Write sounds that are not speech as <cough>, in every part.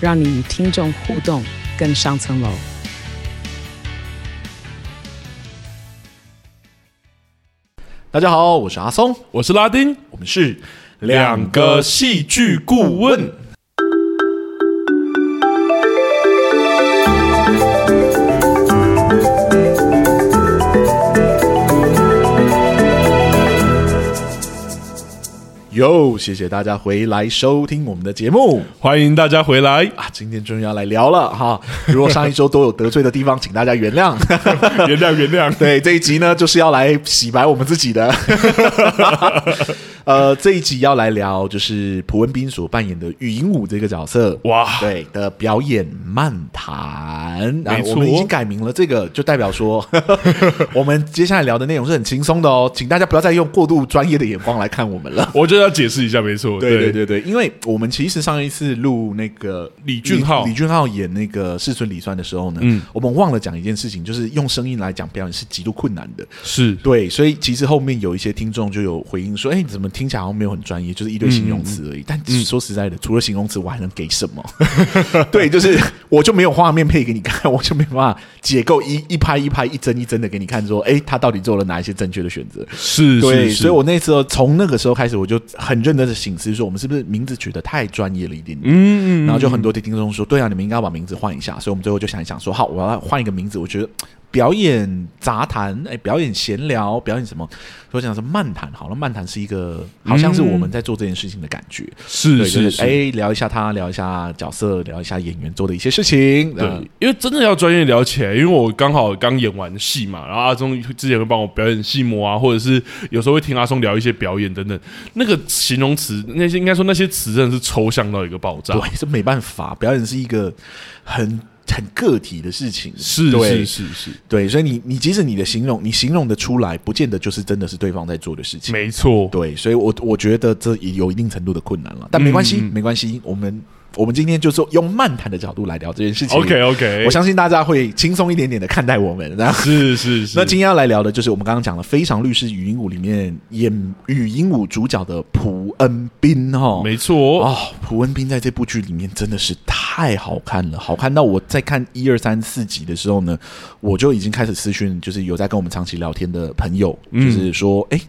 讓你與聽眾互動更上層樓。大家好，我是阿松，我是拉丁，我們是兩個戲劇顧問。喲，Yo, 謝謝大家回來收聽我們的節目，歡迎大家回來啊！今天終於要來聊了哈，如果上一周都有得罪的地方， <laughs> 請大家原諒， <laughs> <laughs> 原諒，原諒，原諒。對，這一集呢，就是要來洗白我們自己的。 <laughs> <laughs> 呃，這一集要來聊，就是朴恩斌所扮演的禹英禑這個角色，哇，對的表演漫談。然後我們已經改名了，這個就代表說，哦、 <laughs> 我們接下來聊的內容是很輕鬆的哦，請大家不要再用過度專業的眼光來看我們了。我就要解釋一下沒，沒錯，對對對對，因為我們其實上一次錄那個李俊浩李，李俊浩演那個世孫李酸的時候呢，嗯，我們忘了講一件事情，就是用聲音來講表演是極度困難的，是對，所以其實後面有一些聽眾就有回應說，哎、欸，你怎麼？聽起來好像沒有很專業，就是一堆形容詞而已。嗯、但說實在的，嗯、除了形容詞，我還能給什麼？ <laughs> <laughs> 對，就是我就沒有畫面配給你看，我就沒辦法解構一一拍一拍一幀一幀的給你看說，哎、欸，他到底做了哪一些正確的選擇？是對，是是，所以我那時候從那個時候開始，我就很認真的省思說，我們是不是名字取得太專業了一點點？嗯，嗯，嗯，嗯，然後就很多的聽眾說，對啊，你們應該要把名字換一下。所以，我們最後就想一想說，好，我要換一個名字，我覺得。表演雜談，哎、欸，表演閒聊，表演什麼？我想說漫談好了，漫談是一個，好像是我們在做這件事情的感覺，是是，是。哎、欸，聊一下他，聊一下角色，聊一下演員做的一些事情。對，嗯、因為真的要專業聊起來，因為我剛好剛演完戲嘛，然後阿松之前會幫我表演戲模啊，或者是有時候會聽阿松聊一些表演等等。那個形容詞，那些應該說那些詞，真的是抽象到一個爆炸。對，這沒辦法，表演是一個很。很個體的事情，是對是是是，對，所以你你即使你的形容，你形容的出來，不見得就是真的是對方在做的事情，沒錯錯，對，所以我我覺得這也有一定程度的困難了，但沒關係，嗯、沒關係，我們。我們今天就是用漫談的角度來聊這件事情。OK OK，我相信大家會輕鬆一點點的看待我們。是是是。是是，那今天要來聊的就是我們剛剛講的《非常律師》禹英禑裡面演禹英禑主角的朴恩斌哈、哦。沒錯。哦，朴恩斌在這部劇裡面真的是太好看了，好看到我在看一二三四集的時候呢，我就已經開始私訊，就是有在跟我們長期聊天的朋友，嗯、就是說，哎，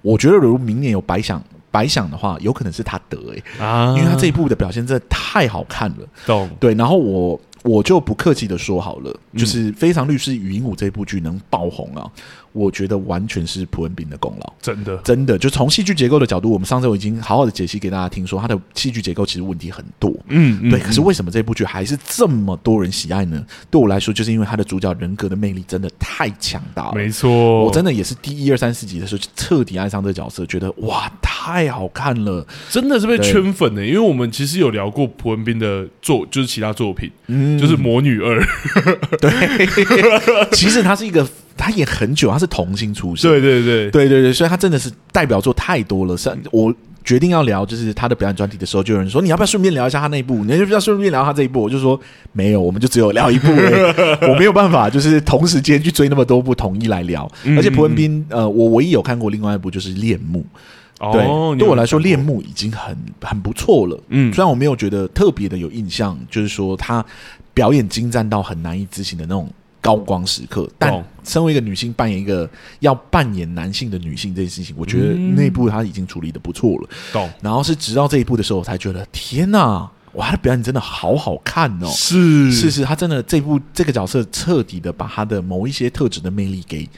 我覺得如果明年有百想。百想的話，有可能是他得誒、欸啊，因為他這一部的表現真的太好看了。懂。對，然後我。我就不客氣的說好了，就是非常律師禹英禑這部劇能爆紅啊，我覺得完全是朴恩斌的功勞，真的真的。就從戲劇結構的角度，我們上次已經好好的解析給大家聽說，說它的戲劇結構其實問題很多，嗯，嗯，嗯，對。可是為什麼這部劇還是這麼多人喜愛呢？對我來說，就是因為他的主角人格的魅力真的太強大了，沒錯。錯我真的也是第一二三四集的時候就徹底愛上這個角色，覺得哇，太好看了，真的是被圈粉的、欸。對因為我們其實有聊過朴恩斌的作，就是其他作品，嗯。就是《魔女二》，對，其實她是一個，她也很久，她是童星出身，對對對，對對，所以她真的是代表作太多了。像，我決定要聊就是她的表演專題的時候，就有人說你要不要順便聊一下她那一部？你要不要順便聊她這一部？我就說沒有，我們就只有聊一部、欸，我沒有辦法，就是同時間去追那麼多部，統一來聊。而且朴恩斌，呃，我唯一有看過另外一部就是《戀慕》，對，對我來說，《戀慕》已經很很不錯了。嗯，雖然我沒有覺得特別的有印象，就是說他。表演精湛到很難以置信的那種高光時刻，但身為一個女性扮演一個要扮演男性的女性這件事情，我覺得那部她已經處理的不錯了。然後是直到這一部的時候，我才覺得天哪，啊，哇，她的表演真的好好看哦！是是是，她真的這一部這個角色徹底的把她的某一些特質的魅力給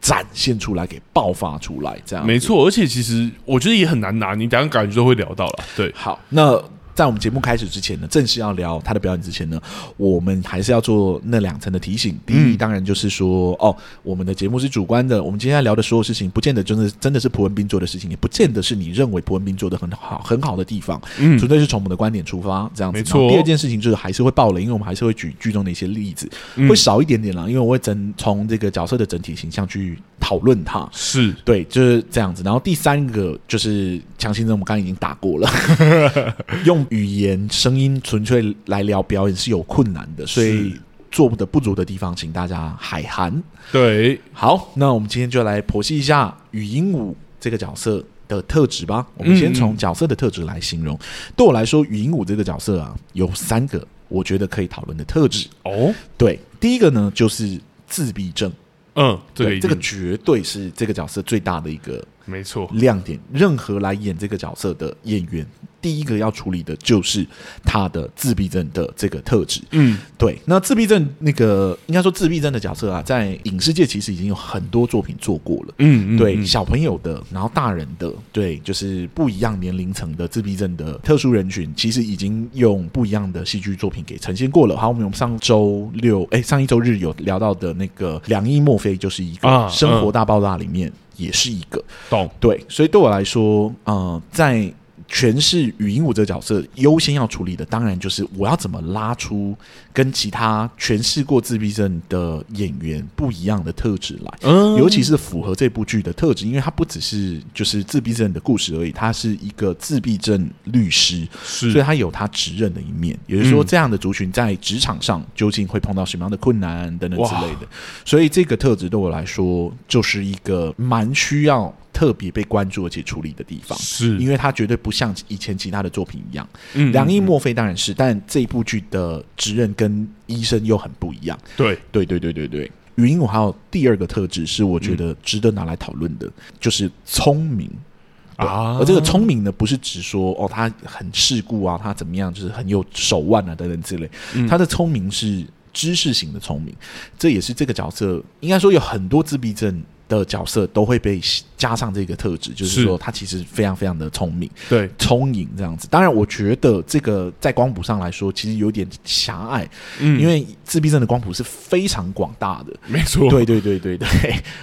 展現出來，給爆發出來，這樣沒錯。而且其實我覺得也很難拿，你剛剛感覺都會聊到了，對，好那。在我們節目開始之前呢，正式要聊他的表演之前呢，我們還是要做那兩層的提醒。第一，當然就是說，嗯、哦，我們的節目是主觀的，我們今天要聊的所有事情，不見得真、就、的、是、真的是朴恩斌做的事情，也不見得是你認為朴恩斌做的很好很好的地方，嗯，純粹是從我們的觀點出發這樣子。沒錯。第二件事情就是還是會爆雷，因為我們還是會舉劇中的一些例子，會少一點點啦，因為我會整從這個角色的整體形象去。討論他是對，就是這樣子。然後第三個就是強心針，我們剛剛已經打過了。 <laughs> 用語言、聲音純粹來聊表演是有困難的，是所以做不得不足的地方，請大家海涵。對，好，那我們今天就來剖析一下禹英禑這個角色的特質吧。我們先從角色的特質來形容。嗯嗯。對我來說，禹英禑這個角色啊，有三個我覺得可以討論的特質。嗯。哦，對，第一個呢就是自閉症。嗯，這個、對，這個絕對是這個角色最大的一個。沒錯，亮點。任何來演這個角色的演員，第一個要處理的就是他的自閉症的這個特質。嗯，對。那自閉症那個，應該說自閉症的角色啊，在影視界其實已經有很多作品做過了。嗯，嗯，嗯，對，小朋友的，然後大人的，對，就是不一樣年齡層的自閉症的特殊人群，其實已經用不一樣的戲劇作品給呈現過了。好，我們上周六，哎、欸，上一周日有聊到的那個《良醫墨菲》就是一個《生活大爆炸》裡面。嗯嗯也是一個，懂，對，所以對我來說，嗯、呃，在。詮釋語音舞這個角色優先要處理的，當然就是我要怎麼拉出跟其他詮釋過自閉症的演員不一樣的特質來，尤其是符合這部劇的特質，因為它不只是就是自閉症的故事而已，他是一個自閉症律師，所以他有他直認的一面，也就是說這樣的族群在職場上究竟會碰到什麼樣的困難等等之類的，所以這個特質對我來說就是一個蠻需要。特別被關注而且處理的地方，是因為他絕對不像以前其他的作品一樣。良醫、嗯、墨菲當然是，嗯、但這部劇的職人跟醫生又很不一樣。對，對，對，對，對，對。禹英禑還有第二個特質是，我覺得值得拿來討論的，嗯、就是聰明啊。而這個聰明呢，不是指說哦他很世故啊，他怎麼樣，就是很有手腕啊等等之類。嗯、他的聰明是知識型的聰明，這也是這個角色應該說有很多自閉症的角色都會被加上這個特質，就是說他其實非常非常的聰明，對，聰穎這樣子。當然，我覺得這個在光譜上來說其實有點狹隘，嗯，因為自閉症的光譜是非常廣大的，沒錯。對，對對對對對，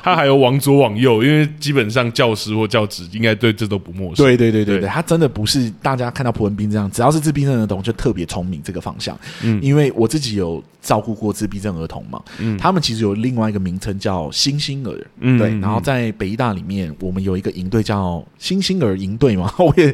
他還有往左往右，我因為基本上教師或教職應該對這都不陌生。對對對對對，對他真的不是大家看到朴恩斌這樣，只要是自閉症的東西就特別聰明這個方向。嗯，因為我自己有。照顧過自閉症兒童嘛？嗯，他們其實有另外一個名稱叫星星兒，嗯、對。然後在北醫大裡面，我們有一個營隊叫星星兒營隊嘛。我也。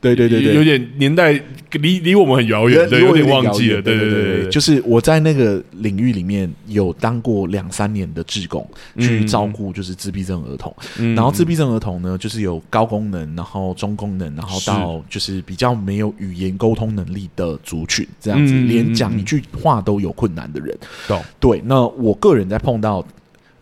對對對對有，有點年代離，離我們很遙遠，對，有點忘記了。對對對，對，就是我在那個領域裡面有當過兩三年的志工，嗯、去照顧就是自閉症兒童。嗯、然後自閉症兒童呢，就是有高功能，然後中功能，然後到就是比較沒有語言溝通能力的族群，這樣子、嗯、連講一句話都有困難的人。懂？對，那我個人在碰到，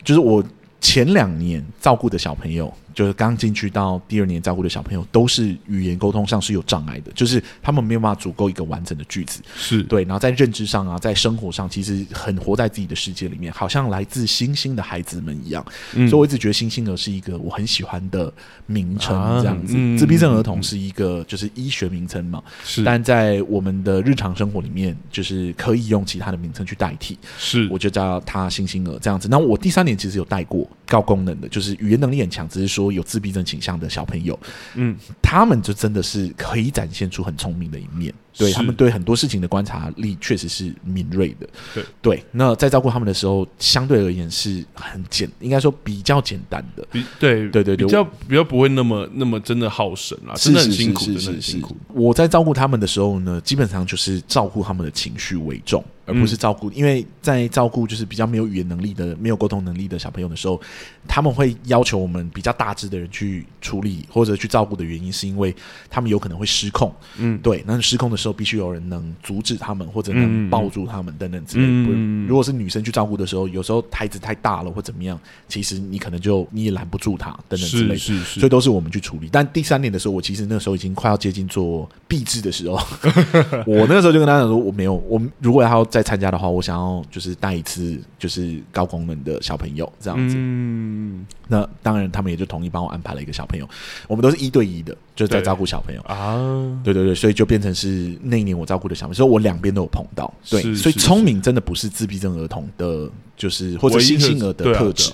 就是我前兩年照顧的小朋友。就是剛進去到第二年照顧的小朋友，都是語言溝通上是有障礙的，就是他們沒有辦法組構一個完整的句子，是對。然後在認知上啊，在生活上，其實很活在自己的世界裡面，好像來自星星的孩子們一樣。嗯、所以我一直覺得“星星兒”是一個我很喜歡的名稱，這樣子。啊嗯、自閉症兒童是一個就是醫學名稱嘛，是。但在我們的日常生活裡面，就是可以用其他的名稱去代替。是，我就叫他“星星兒”這樣子。那我第三年其實有帶過高功能的，就是語言能力很強，只，就是說。有自閉症傾向的小朋友，嗯，他們就真的是可以展現出很聰明的一面。對是他們對很多事情的觀察力確實是敏銳的。對，對，那在照顧他們的時候，相對而言是很簡，應該說比較簡單的，比對，對對對比較我比較不會那麼那麼真的耗神啊。是真的很辛苦，真的很辛苦。我在照顧他們的時候呢，基本上就是照顧他們的情緒為重，而、嗯、不是照顧，因為在照顧就是比較沒有語言能力的、沒有溝通能力的小朋友的時候，他們會要求我們比較大隻的人去處理或者去照顧的原因，是因為他們有可能會失控，嗯，對，那失控的時候。都必須有人能阻止他們，或者能抱住他們等等之類。嗯，如果是女生去照顧的時候，有時候孩子太大了或怎麼樣，其實你可能就你也攔不住他等等之類的。是是是，所以都是我們去處理。但第三年的時候，我其實那時候已經快要接近做畢製的時候， <laughs> 我那個時候就跟大家講說，我沒有，我如果還要再參加的話，我想要就是帶一次就是高功能的小朋友這樣子。嗯，那當然他們也就同意幫我安排了一個小朋友，我們都是一對一的。就在照顧小朋友啊，對對對，所以就變成是那一年我照顧的小朋友，所以我兩邊都有碰到。對，所以聰明真的不是自閉症兒童的，就是或者星星兒的特質，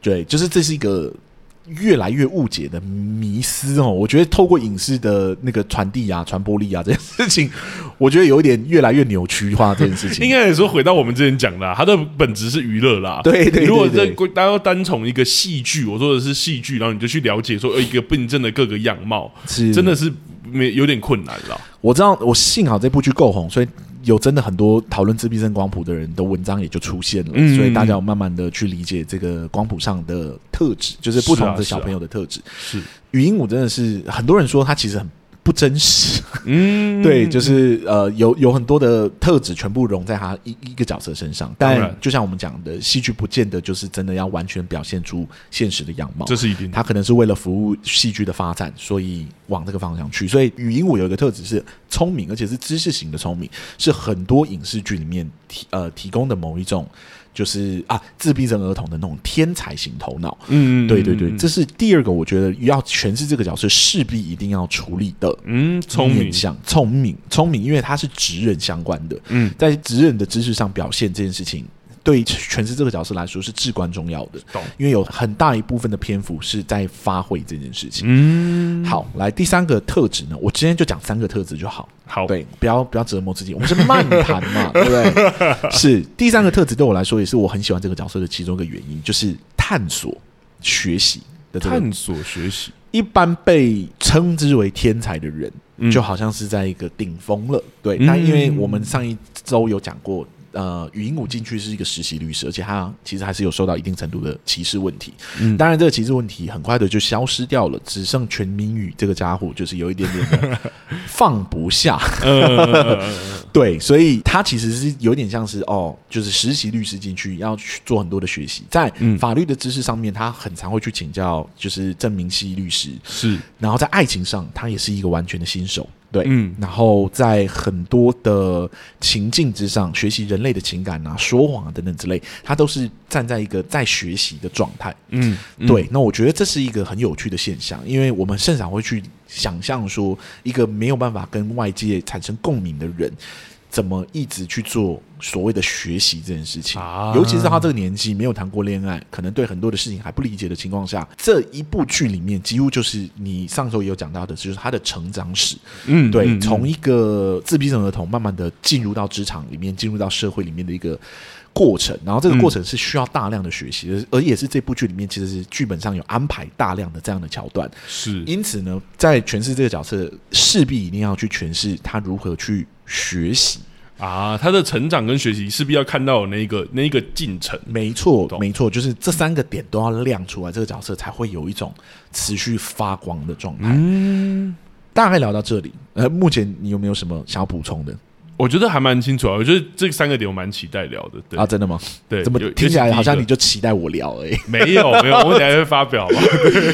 對，就是這是一個。越來越誤解的迷思哦，我覺得透過影視的那個傳遞啊、傳播力啊這件事情，我覺得有一點越來越扭曲化這件事情。 <laughs> 應該也說回到我們之前講的、啊，它的本質是娛樂啦。對對，對，如果這大家要單從一個戲劇，我說的是戲劇，然後你就去了解說一個病症的各個樣貌，是真的是有點困難了、啊。我知道，我幸好這部劇夠紅，所以。有真的很多討論自閉症光譜的人的文章也就出現了，嗯嗯嗯，所以大家要慢慢的去理解這個光譜上的特質，就是不同的小朋友的特質。是、啊，啊、禹英禑真的是很多人說他其實很。不真實，嗯， <laughs> 對，就是呃，有有很多的特質全部融在他一一,一個角色身上，但就像我們講的，戲劇不見得就是真的要完全表現出現實的樣貌，這是一定，他可能是為了服務戲劇的發展，所以往這個方向去。所以，禹英禑有一個特質是聰明，而且是知識型的聰明，是很多影視劇裡面提呃提供的某一種。就是啊，自閉症兒童的那種天才型頭腦，嗯，對對對，這是第二個，我覺得要詮釋這個角色，勢必一定要處理的，嗯，聰明，想聰明，聰明，因為他是職人相關的，嗯，在職人的知識上表現這件事情。對於詮釋這個角色來說是至關重要的，懂因為有很大一部分的篇幅是在發揮這件事情。嗯，好，來第三個特質呢，我今天就講三個特質就好。好，對，不要不要折磨自己，我們是漫談嘛， <laughs> 對不對？是第三個特質對我來說也是我很喜歡這個角色的其中一個原因，就是探索學習的探索學習。一般被稱之為天才的人，嗯、就好像是在一個頂峰了。對，那、嗯、因為我們上一周有講過。呃，禹英禑進去是一個實習律師，而且他其實還是有受到一定程度的歧視問題。嗯，當然，這個歧視問題很快的就消失掉了，只剩全民宇這個家伙就是有一點點的放不下。對，所以他其實是有點像是哦，就是實習律師進去要去做很多的學習，在法律的知識上面，他很常會去請教，就是鄭明錫律師是。然後在愛情上，他也是一個完全的新手。對，嗯，然後在很多的情境之上，學習人類的情感啊、說謊啊等等之類，他都是站在一個在學習的狀態，嗯，嗯對。那我覺得這是一個很有趣的現象，因為我們甚少會去想象說一個沒有辦法跟外界產生共鳴的人。怎麼一直去做所謂的學習這件事情？尤其是他這個年紀沒有談過戀愛，可能對很多的事情還不理解的情況下，這一部劇裡面幾乎就是你上周也有講到的，就是他的成長史。嗯，對，從一個自閉症兒童，慢慢的進入到職場裡面，進入到社會裡面的一個過程。然後這個過程是需要大量的學習的，而也是這部劇裡面其實是劇本上有安排大量的這樣的橋段。是，因此呢，在詮釋這個角色，勢必一定要去詮釋他如何去。學習啊，他的成長跟學習勢必要看到那個那一個進程，沒錯，對，沒錯，就是這三個點都要亮出來，這個角色才會有一種持續發光的狀態。嗯，大概聊到這裡，呃，目前你有沒有什麼想要補充的？我覺得還蠻清楚啊，我覺得這三個點我蠻期待聊的，對，啊，真的嗎？對，怎麼聽起來好像你就期待我聊。哎、欸、沒有沒有，我等下會發表嘛。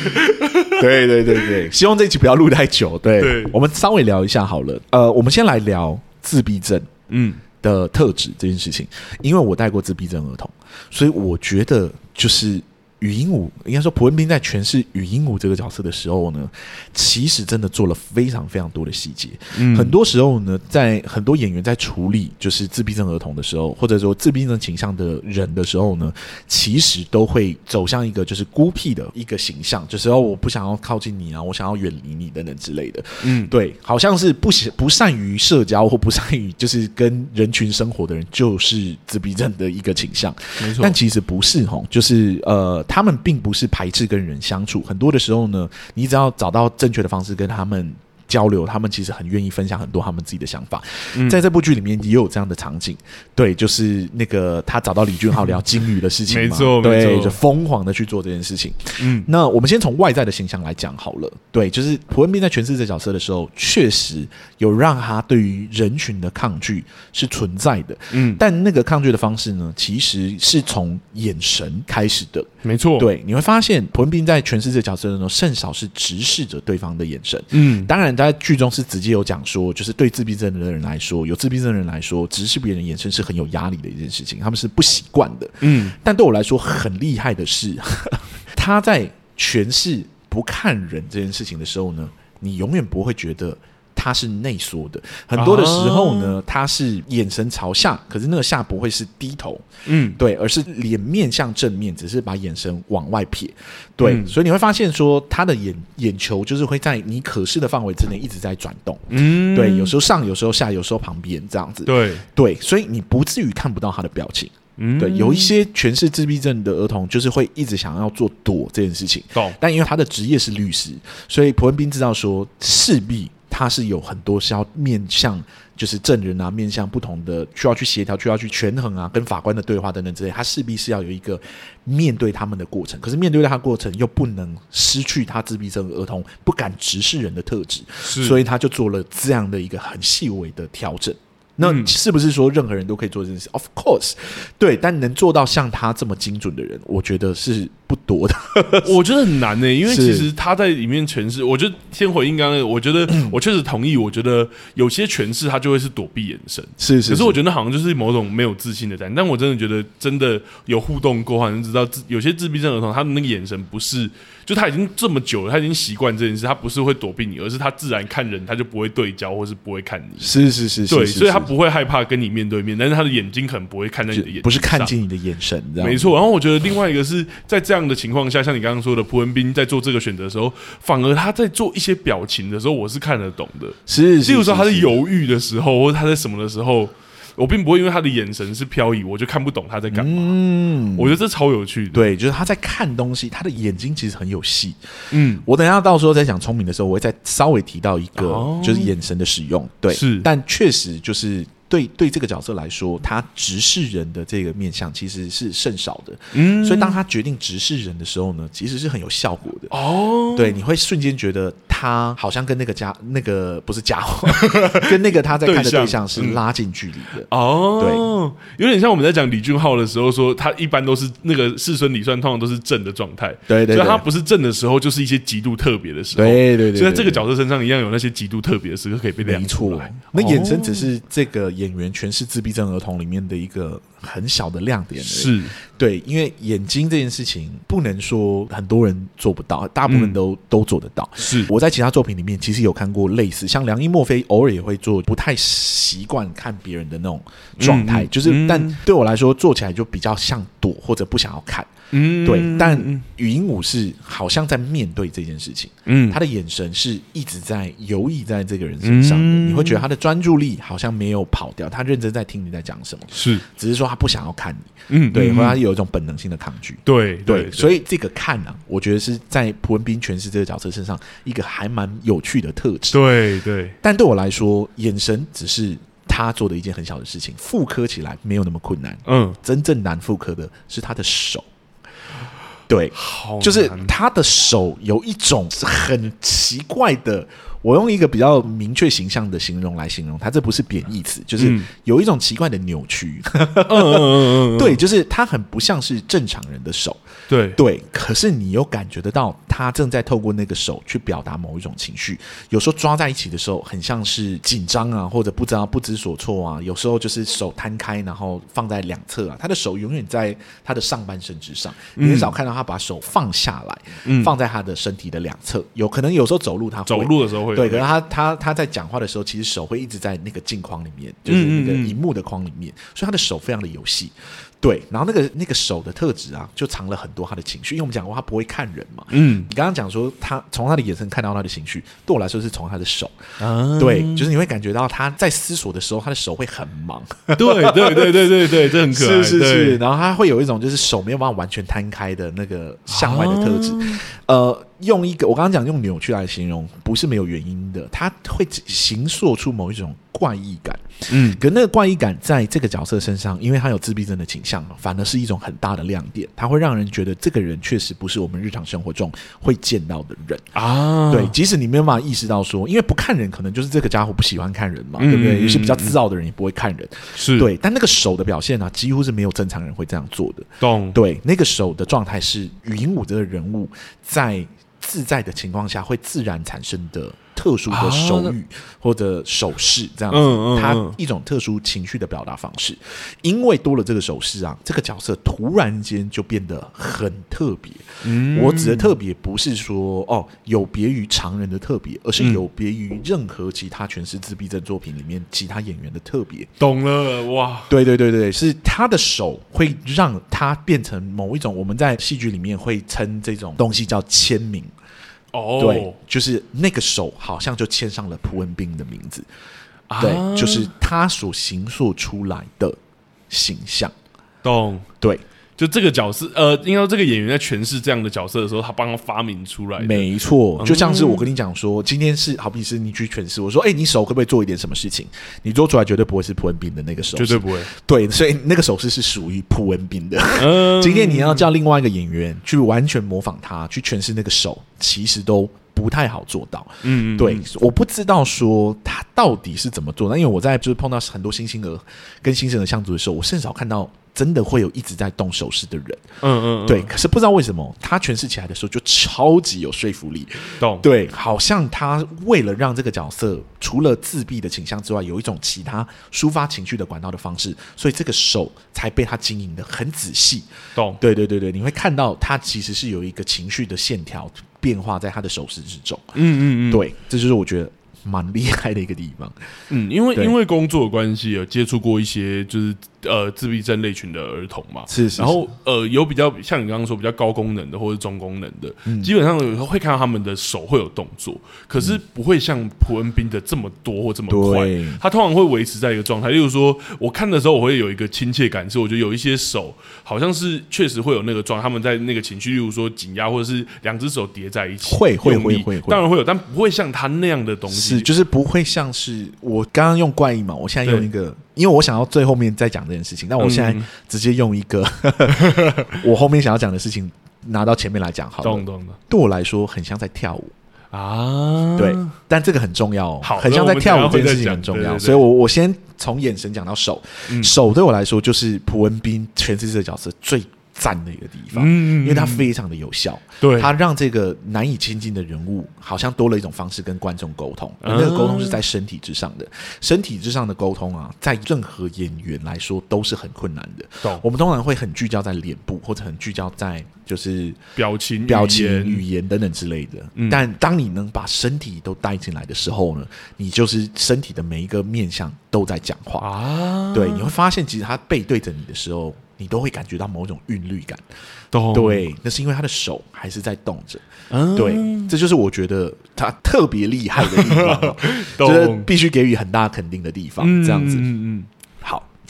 <laughs> 對對對對，希望這一期不要錄太久。對，對，我們稍微聊一下好了。呃，我們先來聊自閉症，嗯，的特質這件事情，因為我帶過自閉症兒童，所以我覺得就是。禹英禑應該說，朴恩斌在詮釋禹英禑這個角色的時候呢，其實真的做了非常非常多的細節。嗯，很多時候呢，在很多演員在處理就是自閉症兒童的時候，或者說自閉症傾向的人的時候呢，其實都會走向一個就是孤僻的一個形象，就是要、哦、我不想要靠近你啊，我想要遠離你等等之類的。嗯，對，好像是不不善於社交或不善於就是跟人群生活的人，就是自閉症的一個傾向。沒錯，但其實不是哈，就是呃。他們並不是排斥跟人相處，很多的時候呢，你只要找到正確的方式跟他們，交流，他們其實很願意分享很多他們自己的想法，嗯，在這部劇裡面也有這樣的場景，對，就是那個他找到李俊浩聊金魚的事情，沒錯，對，沒錯，就瘋狂的去做這件事情。嗯，那我們先從外在的形象來講好了，對，就是朴恩斌在詮釋這角色的時候，確實有讓他對於人群的抗拒是存在的，嗯，但那個抗拒的方式呢，其實是從眼神開始的，沒錯，對，你會發現朴恩斌在詮釋這角色的時候，甚少是直視着對方的眼神，嗯，當然。在劇中是直接有講說，就是對自閉症的人來說，有自閉症的人來說，直視別人眼神是很有壓力的一件事情，他們是不習慣的。嗯，但對我來說很厲害的是， <laughs> 他在詮釋不看人這件事情的時候呢，你永遠不會覺得。他是內縮的，很多的時候呢，啊、他是眼神朝下，可是那個下不會是低頭，嗯，對，而是臉面向正面，只是把眼神往外撇，對，嗯、所以你會發現說，他的眼眼球就是會在你可視的範圍之內一直在轉動，嗯，對，有時候上，有時候下，有時候旁邊這樣子，對，嗯、對，所以你不至於看不到他的表情，嗯，對，有一些詮釋自閉症的兒童，就是會一直想要做躲這件事情，哦、但因為他的職業是律師，所以朴恩斌知道說勢必。他是有很多是要面向，就是證人啊，面向不同的需要去協調，需要去權衡啊，跟法官的對話等等之類，他勢必是要有一個面對他們的過程。可是面對他的過程，又不能失去他自閉症兒童不敢直視人的特質，是所以他就做了這樣的一個很細微的調整。那你是不是說任何人都可以做這件事？嗯，Of course，對，但能做到像他這麼精準的人，我覺得是不多的。我覺得很難呢、欸，因為其實他在裡面詮釋、那個，我覺得先回應剛剛， <coughs> 我覺得我確實同意。我覺得有些詮釋他就會是躲避眼神，是,是是。可是我覺得好像就是某種沒有自信的膽，但我真的覺得真的有互動過，好像知道自有些自閉症兒童，他的那個眼神不是。就他已經這麼久了，他已經習慣這件事，他不是會躲避你，而是他自然看人，他就不會對焦，或是不會看你。是是是，對，是是是是，所以他不會害怕跟你面對面，但是他的眼睛可能不會看在你的眼，不是看見你的眼神，知道嗎？沒錯。然後我覺得另外一個是在這樣的情況下，像你剛剛說的，朴恩斌在做這個選擇的時候，反而他在做一些表情的時候，我是看得懂的。是、是、是、是，比如說他在猶豫的時候，或者他在什麼的時候。我並不會因為他的眼神是飄移，我就看不懂他在幹嘛。嗯，我覺得這超有趣的，對，就是他在看東西，他的眼睛其實很有戲。嗯，我等一下到時候在講聰明的時候，我會再稍微提到一個，哦，就是眼神的使用，對，是，但確實就是。對對，對這個角色來說，他直視人的這個面相其實是甚少的，嗯，所以當他決定直視人的時候呢，其實是很有效果的哦。對，你會瞬間覺得他好像跟那個家那個不是家伙， <laughs> <laughs> 跟那個他在看的對象是拉近距離的。嗯、哦。對，有點像我們在講李俊浩的時候說，他一般都是那個世孫李算，通常都是正的狀態，對，對對，就他不是正的時候，就是一些極度特別的時候，對對，對對對。就在這個角色身上一樣有那些極度特別的時刻可以被亮出來。沒錯，哦、那眼神只是這個。演員全是自閉症兒童裡面的一個很小的亮點是，是對，因為眼睛這件事情不能說很多人做不到，大部分都、嗯、都做得到。是我在其他作品裡面其實有看過類似，像梁一莫非偶爾也會做，不太習慣看別人的那種狀態，嗯、就是但對我來說做起來就比較像躲或者不想要看。嗯，對，但禹英禑是好像在面對這件事情，嗯，他的眼神是一直在游弋，在這個人身上，你會覺得他的專注力好像沒有跑掉，他認真在聽你在講什麼，是，只是說他不想要看你，嗯，對，或者他有一種本能性的抗拒，對對，所以這個看啊，我覺得是在朴恩斌詮釋這個角色身上一個還蠻有趣的特質，對對，但對我來說，眼神只是他做的一件很小的事情，複刻起來沒有那麼困難，嗯，真正難複刻的是他的手。對，好難。就是他的手有一種是很奇怪的。我用一個比較明確形象的形容來形容他。這不是貶義詞，就是有一種奇怪的扭曲。對，就是他很不像是正常人的手。對，對。可是你又感覺得到他正在透過那個手去表達某一種情緒。有時候抓在一起的時候，很像是緊張啊，或者不知道不知所措啊。有時候就是手攤開，然後放在兩側啊。他的手永遠在他的上半身之上，嗯、你很少看到他把手放下來，嗯、放在他的身體的兩側。有可能有時候走路他走路的時候。對，對對對，可是他他他在講話的時候，其實手會一直在那個鏡框裡面，就是那個熒幕的框裡面，嗯嗯嗯，所以他的手非常的有戲。對，然後那個那個手的特質啊，就藏了很多他的情緒。因為我們講過，他不會看人嘛。嗯。你剛剛講說，他從他的眼神看到他的情緒，對我來說是從他的手。嗯，對，就是你會感覺到他在思索的時候，他的手會很忙。嗯、對對對對對對，這很可愛。是是 <laughs> 是，是是對然後他會有一種就是手沒有辦法完全攤開的那個向外的特質。啊、呃，用一個我剛剛講用扭曲來形容，不是沒有原因的，他會形塑出某一種怪異感。嗯，可那個怪異感在這個角色身上，因為他有自閉症的傾向，反而是一種很大的亮點。他會讓人覺得這個人確實不是我們日常生活中會見到的人啊。對，即使你沒有辦法意識到說，因為不看人，可能就是這個家伙不喜歡看人嘛，嗯、對不對？有些比較自傲的人也不會看人，是對。但那個手的表現呢、啊，幾乎是沒有正常人會這樣做的。懂？對，那個手的狀態是禹英禑這個人物在自在的情況下會自然產生的。特殊的手語或者手勢，這樣子，他一種特殊情緒的表達方式。因為多了這個手勢啊，這個角色突然間就變得很特別。我指的特別，不是說哦，有別於常人的特別，而是有別於任何其他全是自閉症作品裡面其他演員的特別。懂了哇？對對對對，對，是他的手會讓他變成某一種，我們在戲劇裡面會稱這種東西叫簽名。哦，oh、對，就是那個手好像就簽上了朴恩斌的名字，oh、對，就是他所形塑出來的形象，動，oh、對。就這個角色，呃，應該說這個演員在詮釋這樣的角色的時候，他幫他發明出來沒錯。就像是我跟你講說，嗯、今天是好比是你去詮釋，我說，哎、欸，你手會不會做一點什麼事情？你做出來絕對不會是朴恩斌的那個手，絕對不會。對，所以那個手勢是屬於朴恩斌的。嗯、今天你要叫另外一個演員去完全模仿他去詮釋那個手，其實都不太好做到。嗯，嗯，嗯，對，我不知道說他到底是怎麼做的。那因為我在就是碰到很多星星兒跟星星兒的相處的時候，我甚少看到。真的會有一直在動手勢的人，嗯嗯,嗯，對。可是不知道為什麼，他詮釋起來的時候就超級有說服力，懂？對，好像他為了讓這個角色除了自閉的傾向之外，有一種其他抒發情緒的管道的方式，所以這個手才被他經營得很仔細，懂？對對對對，你會看到他其實是有一個情緒的線條變化在他的手勢之中，嗯嗯,嗯，對，這就是我覺得蠻厲害的一個地方。嗯，因為對因為工作關係有接觸過一些就是。呃，自閉症類群的兒童嘛，是是，是，然後呃，有比較像你剛剛說比較高功能的或者中功能的，嗯、基本上有時候會看到他們的手會有動作，可是不會像朴恩斌的這麼多或這麼快。他對通常會維持在一個狀態，例如說，我看的時候我會有一個親切感，是我覺得有一些手好像是確實會有那個狀態，他們在那個情緒，例如說緊壓或者是兩隻手疊在一起，會會會會，當然會有，但不會像他那樣的東西，是就是不會像是我剛剛用怪異嘛，我現在用一個。因為我想要最後面再講這件事情，那我現在直接用一個、嗯、 <laughs> 我後面想要講的事情拿到前面來講好了。對，對我來說很像在跳舞啊，對，但這個很重要，很像在跳舞這件事情很重要，所以，我我先從眼神講到手，手對我來說就是朴恩斌全世界的角色最。讚的一個地方，嗯嗯嗯，因為它非常的有效。對，它讓這個難以親近的人物，好像多了一種方式跟觀眾溝通。嗯、而那個溝通是在身體之上的，身體之上的溝通啊，在任何演員來說都是很困難的。懂到，我們通常會很聚焦在臉部，或者很聚焦在就是表情、表情、語言等等之類的。嗯、但當你能把身體都帶進來的時候呢，你就是身體的每一個面向都在講話啊。對，你會發現，其實他背對着你的時候，你都會感覺到某種韻律感，懂對，那是因為他的手還是在動着，嗯、對，這就是我覺得他特別厲害的地方， <laughs> 懂就是必須給予很大肯定的地方，嗯、這樣子，嗯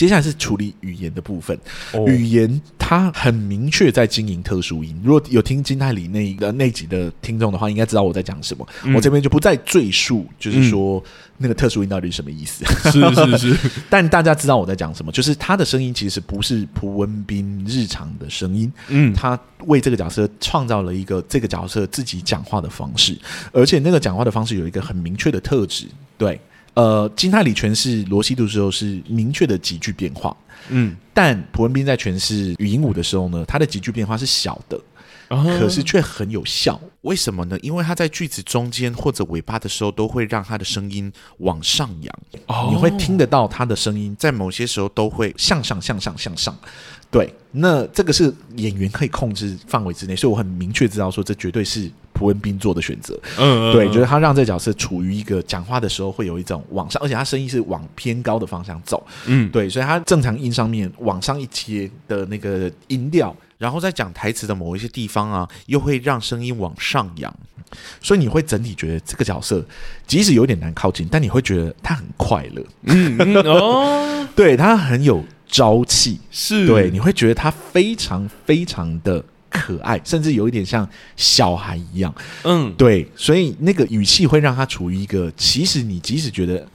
接下來是處理語言的部分，哦、語言它很明確在經營特殊音。如果有聽金泰里那一個那集的聽眾的話，應該知道我在講什麼。嗯、我這邊就不再贅述，就是說、嗯、那個特殊音到底是什麼意思。 <laughs> 是是是，但大家知道我在講什麼，就是他的聲音其實不是朴恩斌日常的聲音。嗯，他為這個角色創造了一個這個角色自己講話的方式，而且那個講話的方式有一個很明確的特質。對。呃，金泰梨詮釋羅西度的時候是明確的急劇變化，嗯，但朴恩斌在詮釋禹英禑的時候呢，他的急劇變化是小的，哦、可是卻很有效。為什麼呢？因為他在句子中間或者尾巴的時候，都會讓他的聲音往上揚，哦、你會聽得到他的聲音，在某些時候都會向上向上向上。對，那這個是演員可以控制範圍之內，所以我很明確知道說，這絕對是。朴恩斌做的選擇，嗯，嗯，嗯，對，就是他讓這角色處於一個講話的時候會有一種往上，而且他聲音是往偏高的方向走，嗯，對，所以他正常音上面往上一貼的那個音調，然後在講台詞的某一些地方啊，又會讓聲音往上揚，所以你會整體覺得這個角色即使有點難靠近，但你會覺得他很快樂，嗯，嗯，哦， <laughs> 對他很有朝氣，是對，你會覺得他非常非常的。可愛，甚至有一點像小孩一樣，嗯，對，所以那個語氣會讓他處於一個，其實你即使覺得。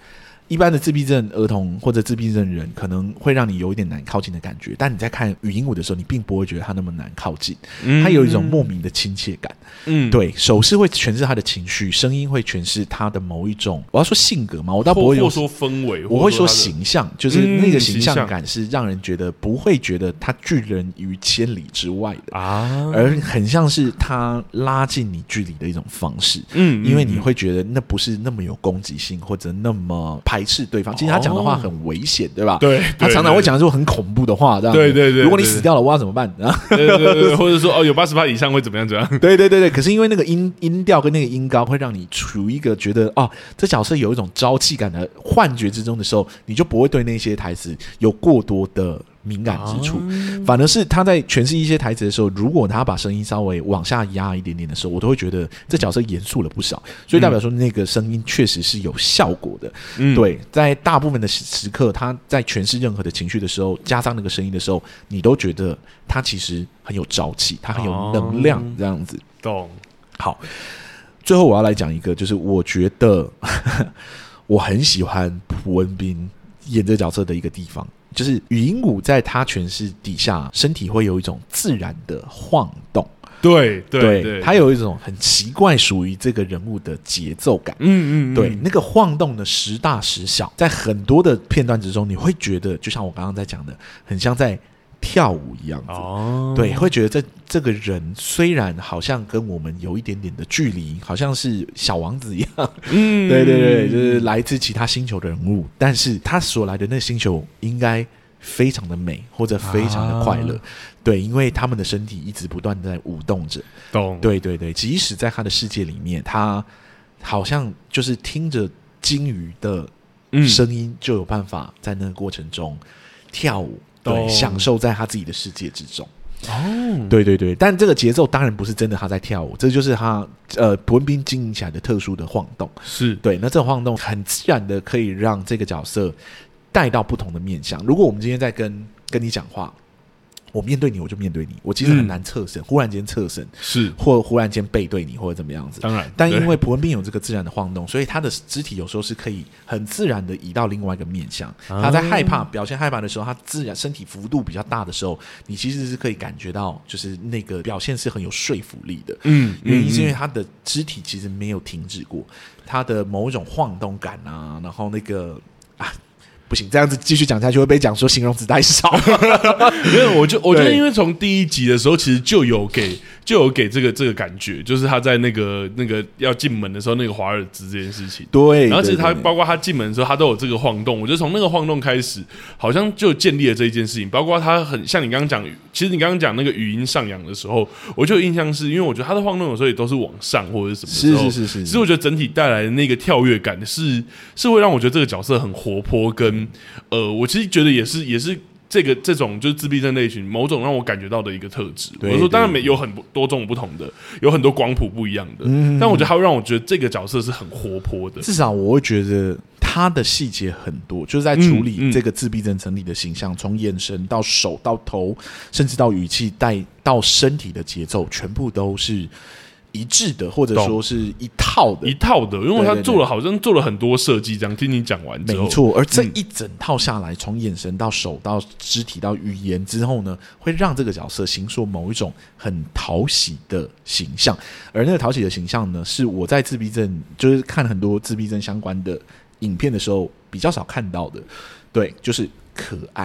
一般的自閉症兒童或者自閉症人可能會讓你有一點難靠近的感覺，但你在看禹英禑的時候，你並不會覺得他那麼難靠近，他有一種莫名的親切感。嗯，對，手勢會詮釋他的情緒，聲音會詮釋他的某一種。我要說性格嘛，我倒不會說氛圍，我會說形象，就是那個形象感是讓人覺得不會覺得他拒人於千里之外的啊，而很像是他拉近你距離的一種方式。嗯，因為你會覺得那不是那麼有攻擊性或者那麼。排斥對方，其實他講的話很危險，哦、對吧？對，對，他常常會講這種很恐怖的話，這樣。對對對，對，如果你死掉了，我要怎麼辦？對，對對對， <laughs> 或者說哦，有八十趴以上會怎麼樣？怎樣？對對對對，可是因為那個音音調跟那個音高，會讓你處於一個覺得哦，這角色有一種朝氣感的幻覺之中的時候，你就不會對那些台詞有過多的。敏感之處，哦，反而是他在詮釋一些台詞的時候，如果他把聲音稍微往下壓一點點的時候，我都會覺得這角色嚴肅了不少。所以代表說，那個聲音確實是有效果的。嗯、對，在大部分的時刻，他在詮釋任何的情緒的時候，加上那個聲音的時候，你都覺得他其實很有朝氣，他很有能量，這樣子。懂，好，最後我要來講一個，就是我覺得 <laughs> 我很喜歡朴恩斌演這角色的一個地方。就是禹英禑在他詮釋底下，身體會有一種自然的晃動，對對，對對，他有一種很奇怪屬於這個人物的節奏感，嗯、嗯嗯，對，那個晃動的時大時小，在很多的片段之中，你會覺得就像我剛剛在講的，很像在。跳舞一樣子，哦、對，會覺得這這個人雖然好像跟我們有一點點的距離，好像是小王子一樣，嗯， <laughs> 對對對，就是來自其他星球的人物，但是他所來的那個星球應該非常的美或者非常的快樂，啊、對，因為他們的身體一直不斷的在舞動着，懂了？對對對，即使在他的世界裡面，他好像就是聽着鯨魚的聲音，就有辦法在那個過程中跳舞。嗯對，享受在他自己的世界之中。哦，oh. 對對對，但這個節奏當然不是真的他在跳舞，這就是他呃朴恩斌經營起來的特殊的晃動。是對，那這種晃動很自然的可以讓這個角色帶到不同的面向。如果我們今天在跟跟你講話。我面對你，我就面對你。我其實很難側身，嗯、忽然間側身，是或忽然間背對你，或者怎麼樣子。當然，但因為朴恩斌有這個自然的晃動，嗯、所以他的肢體有時候是可以很自然的移到另外一個面向。嗯、他在害怕、表現害怕的時候，他自然身體幅度比較大的時候，你其實是可以感覺到，就是那個表現是很有說服力的。嗯，原因是因為他的肢體其實沒有停止過，嗯嗯、他的某一種晃動感啊，然後那個啊。行，這樣子繼續講下去會被講說形容詞太少了。沒有，我就我覺得因為從第一集的時候其實就有給。就有給這個這個感覺，就是他在那個那個要進門的時候，那個華爾茲這件事情。對，而且他對對對，包括他進門的時候，他都有這個晃動。我覺得從那個晃動開始，好像就建立了這一件事情。包括他很像你剛剛講，其實你剛剛講那個語音上揚的時候，我就有印象，是因為我覺得他的晃動有時候也都是往上或者是什麼時候。是是，是是是是。是我覺得整體帶來的那個跳躍感是，是會讓我覺得這個角色很活潑，跟呃，我其實覺得也是也是。這個這種就是自閉症類型，某種讓我感覺到的一個特質。我說當然有很多種不同的，有很多光譜不一樣的，嗯、但我覺得他會讓我覺得這個角色是很活潑的。至少我會覺得他的細節很多，就是在處理這個自閉症整體的形象，嗯嗯、從眼神到手到頭，甚至到語氣帶到身體的節奏，全部都是，一致的，或者說是一套的，一套的，因為他做了，好像做了很多設計。這樣聽你講完之後，沒錯。而這一整套下來，從、嗯、眼神到手到肢體到語言之後呢，會讓這個角色形塑某一種很討喜的形象。而那個討喜的形象呢，是我在自閉症，就是看了很多自閉症相關的影片的時候，比較少看到的。對，就是可愛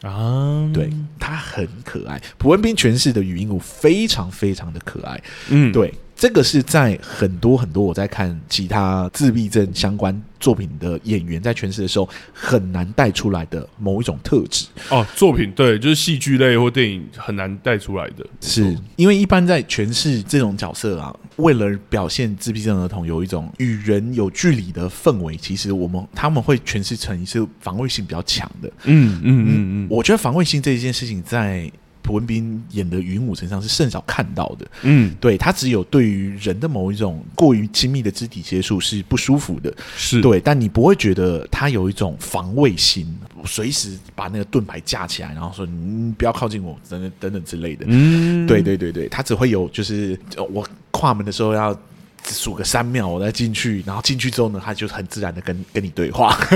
啊，嗯、對，他很可愛。朴恩斌詮釋的禹英禑我非常非常的可愛，嗯，對。這個是在很多很多我在看其他自閉症相關作品的演員在詮釋的時候，很難帶出來的某一種特質哦，作品對，就是戲劇類或電影很難帶出來的。是因為一般在詮釋這種角色啊，為了表現自閉症兒童有一種與人有距離的氛圍，其實我們他們會詮釋成是防衛性比較強的，嗯嗯嗯嗯，嗯嗯嗯我覺得防衛性這一件事情在。朴恩斌演的禹英禑身上是甚少看到的。嗯，嗯，對，他只有對於人的某一種過於親密的肢體接觸是不舒服的，是對，但你不會覺得他有一種防衛心，隨時把那個盾牌架起來，然後說你、嗯、不要靠近我等等等等之類的，嗯，對對對對，他只會有就是我跨門的時候要數個三秒，我再進去，然後進去之後呢，他就很自然的跟跟你對話。 <laughs>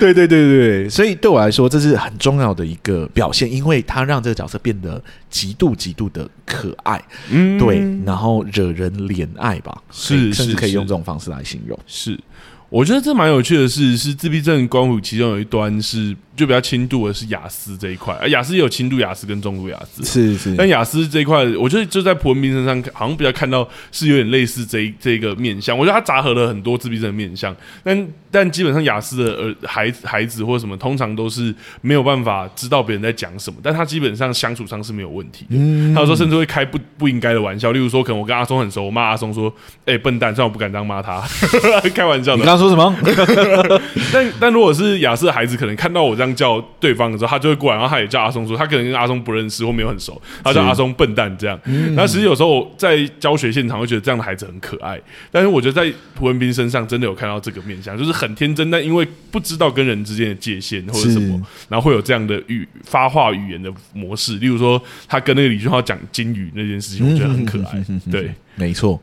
對對對對對，所以對我來說，這是很重要的一個表現，因為他讓這個角色變得極度極度的可愛，嗯，對，然後惹人憐愛吧，是，甚至可以用這種方式來形容，是，是，是，是。是我覺得這蠻有趣的是，是自閉症光譜其中有一端是就比較輕度的是亞斯這一塊，而、啊、亞斯也有輕度亞斯跟重度亞斯，哦是。是是，但亞斯這一塊，我覺得就在朴恩斌身上，好像比較看到是有點類似這一這一個面相。我覺得他雜合了很多自閉症的面相，但但基本上亞斯的呃孩子孩子或什麼，通常都是沒有辦法知道別人在講什麼，但他基本上相處上是沒有問題，嗯、他有時候甚至會開不不應該的玩笑，例如說可能我跟阿松很熟，我罵阿松說：“哎、欸，笨蛋！”雖然我不敢這樣罵他， <laughs> 開玩笑的。說什麼？ <laughs> <laughs> 但但如果是亞斯的孩子，可能看到我這樣叫對方的時候，他就會過來，然後他也叫阿松說，他可能跟阿松不認識或沒有很熟，他叫阿松笨蛋這樣。嗯、那其實有時候在教學現場會覺得這樣的孩子很可愛，但是我覺得在朴恩斌身上真的有看到這個面向，就是很天真，但因為不知道跟人之間的界限或者什麼，是然後會有這樣的語發話語言的模式，例如說他跟那個李俊浩講金魚那件事情，我覺得很可愛。對，沒錯。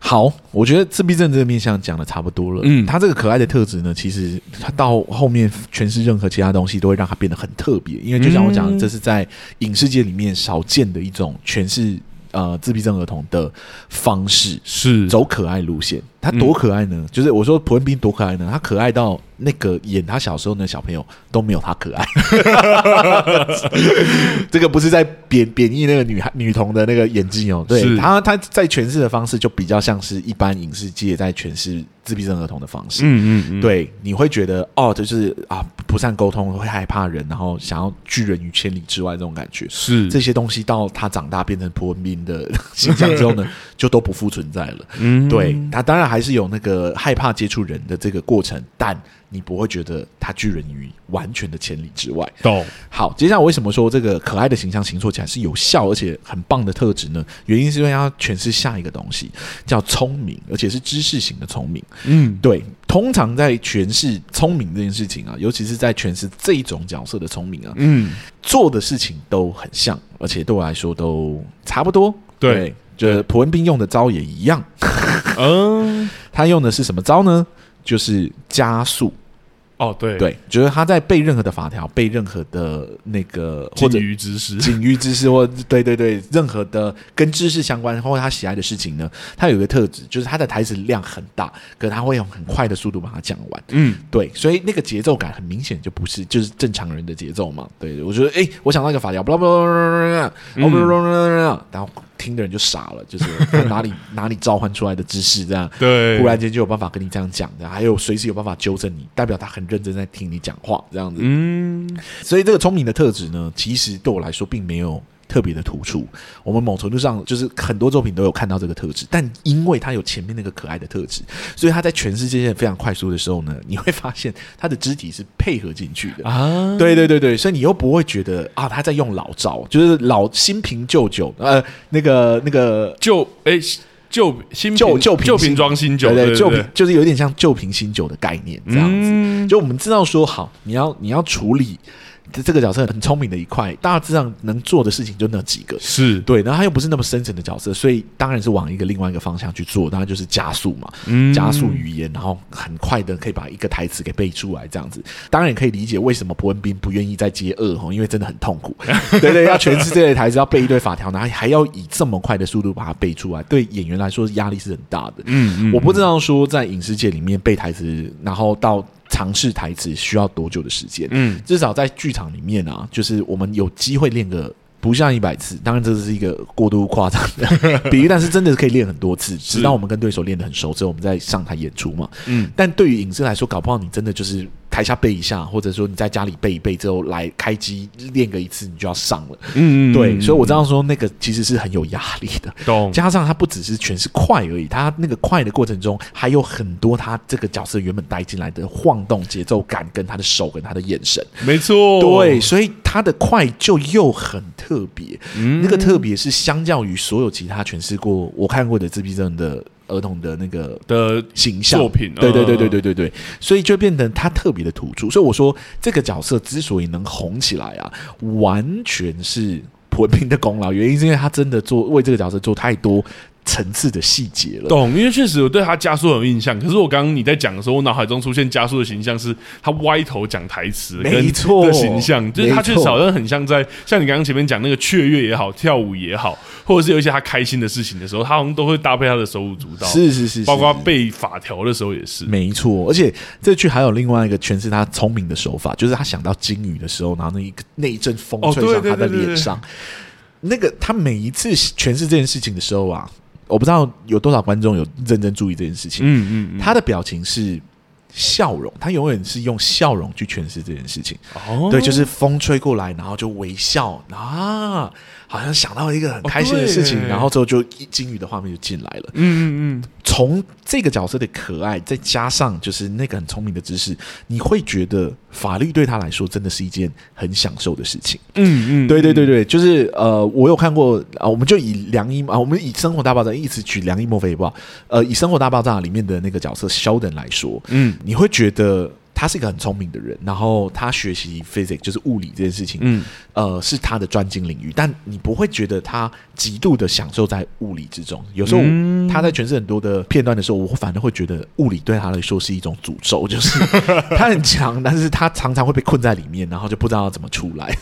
好，我覺得自閉症這個面向講的差不多了。嗯，他這個可愛的特質呢，其實他到後面詮釋任何其他東西都會讓他變得很特別，因為就像我講，嗯、這是在影視界裡面少見的一種詮釋，呃，自閉症兒童的方式，是走可愛路線。他多可愛呢？嗯、就是我說朴恩斌多可愛呢？他可愛到那個演他小時候那小朋友都沒有他可愛。這個不是在貶貶義那個女孩女童的那個演技哦、喔，對是他他在詮釋的方式就比較像是一般影視界在詮釋自閉症兒童的方式。嗯，嗯嗯，對，你會覺得哦，就是啊，不善溝通，會害怕人，然後想要拒人於千里之外這種感覺。是這些東西到他長大變成朴恩斌的形 <laughs> <laughs> 象之後呢，就都不復存在了。嗯，嗯，對他當然。還是有那個害怕接觸人的這個過程，但你不會覺得他拒人於完全的千里之外。懂。好，接下來我為什麼說這個可愛的形象形塑起來是有效而且很棒的特質呢？原因是因為要詮釋下一個東西叫聰明，而且是知識型的聰明。嗯，對，通常在詮釋聰明這件事情啊，尤其是在詮釋這種角色的聰明啊，嗯，做的事情都很像，而且對我來說都差不多。對。對。就是朴恩斌用的招也一樣對，嗯， <laughs> 他用的是什麼招呢？就是加速。哦，對對，就是他在背任何的法條、背任何的那個，或鯨魚知識、鯨魚者 <laughs> 知識，或對對對，任何的跟知識相關或者他喜愛的事情呢，他有一個特質，就是他的台詞量很大，可是他會用很快的速度把它講完。嗯，對，所以那個節奏感很明顯，就不是就是正常人的節奏嘛。對，我覺得，哎、欸，我想到一個法條，不啦不啦不啦不啦，不啦不啦不啦，然聽的人就傻了，就是哪裡 <laughs> 哪裡召喚出來的知識這樣，對，忽然間就有辦法跟你這樣講這樣，還有隨時有辦法糾正你，代表他很認真在聽你講話這樣子，嗯，所以這個聰明的特質呢，其實對我來說並沒有特別的突出，我們某程度上就是很多作品都有看到這個特質，但因為它有前面那個可愛的特質，所以它在全世界現在非常快速的時候呢，你會發現它的肢體是配合進去的啊！對對對對，所以你又不會覺得啊，他在用老招，就是老新瓶舊酒呃，那個那個舊誒，舊、欸、新舊舊瓶裝新酒，對對舊就是有點像舊瓶新酒的概念這樣子。嗯、就我們知道說，好，你要你要處理。這這個角色很聰明的一塊，大致上能做的事情就那幾個，是對。然後他又不是那麼深層的角色，所以當然是往一個另外一個方向去做，當然就是加速嘛，嗯、加速語言，然後很快的可以把一個台詞給背出來，這樣子。當然也可以理解為什麼朴恩斌不願意再接二哈，因為真的很痛苦。 <laughs> 對對，要全是這類台詞，要背一堆法條，然後還要以這麼快的速度把它背出來，對演員來說壓力是很大的。嗯，嗯，嗯，我不知道說在影視界裡面背台詞，然後到。嘗試台詞需要多久的時間？嗯，至少在劇場裡面啊，就是我們有機會練個不下一百次，當然這是一個過度誇張的 <laughs> 比喻，但是真的是可以練很多次，直到我們跟對手練得很熟之後，我們再上台演出嘛。嗯，但對於影視來說，搞不好你真的就是。台下背一下，或者說你在家裡背一背之後，來開機練個一次，你就要上了。嗯，對，所以我這樣說，那個其實是很有壓力的。懂，嗯，加上它不只是全是快而已，它那個快的過程中，還有很多他這個角色原本帶進來的晃動節奏感，跟他的手跟他的眼神，沒錯，對，所以他的快就又很特別。嗯，那個特別是相較於所有其他詮釋過我看過的自閉症的。兒童的那個的形象作品，對對對對對對對、對，所以就變得他特別的突出。所以我說這個角色之所以能紅起來啊，完全是朴恩斌的功勞。原因是因為他真的做為這個角色做太多層次的細節了，懂？因為確實我對他加速很有印象，可是我剛剛你在講的時候，我腦海中出現加速的形象是他歪頭講台詞錯，沒錯，形象就是他確實好像很像在像你剛剛前面講那個雀躍也好，跳舞也好，或者是有一些他開心的事情的時候，他好像都會搭配他的手舞足蹈，是是，是是是，包括他背法條的時候也是，沒錯。而且這句還有另外一個詮釋，他聰明的手法就是他想到鯨魚的時候，然後那一個那一陣風吹在他的臉上，那個他每一次詮釋這件事情的時候啊。我不知道有多少觀眾有認真注意這件事情。嗯嗯，嗯嗯，他的表情是笑容，他永遠是用笑容去詮釋這件事情。哦，對，就是風吹過來，然後就微笑啊。好像想到一個很開心的事情，哦、對對對，然後之後就一鯨魚的畫面就進來了。嗯嗯嗯，從這個角色的可愛，再加上就是那個很聰明的知識，你會覺得法律對他來說真的是一件很享受的事情。嗯嗯，嗯，對對對對，就是呃，我有看過啊、呃，我們就以良醫嘛，我們以《生活大爆炸》一直舉良醫莫非吧？呃，以《生活大爆炸》裡面的那個角色 Sheldon 來說，嗯，嗯，你會覺得。他是一個很聰明的人，然後他學習 physics 就是物理這件事情，嗯，呃，是他的專精領域。但你不會覺得他極度的享受在物理之中。有時候、嗯、他在詮釋很多的片段的時候，我反而會覺得物理對他來說是一種詛咒，就是他很強， <laughs> 但是他常常會被困在裡面，然後就不知道怎麼出來。 <laughs>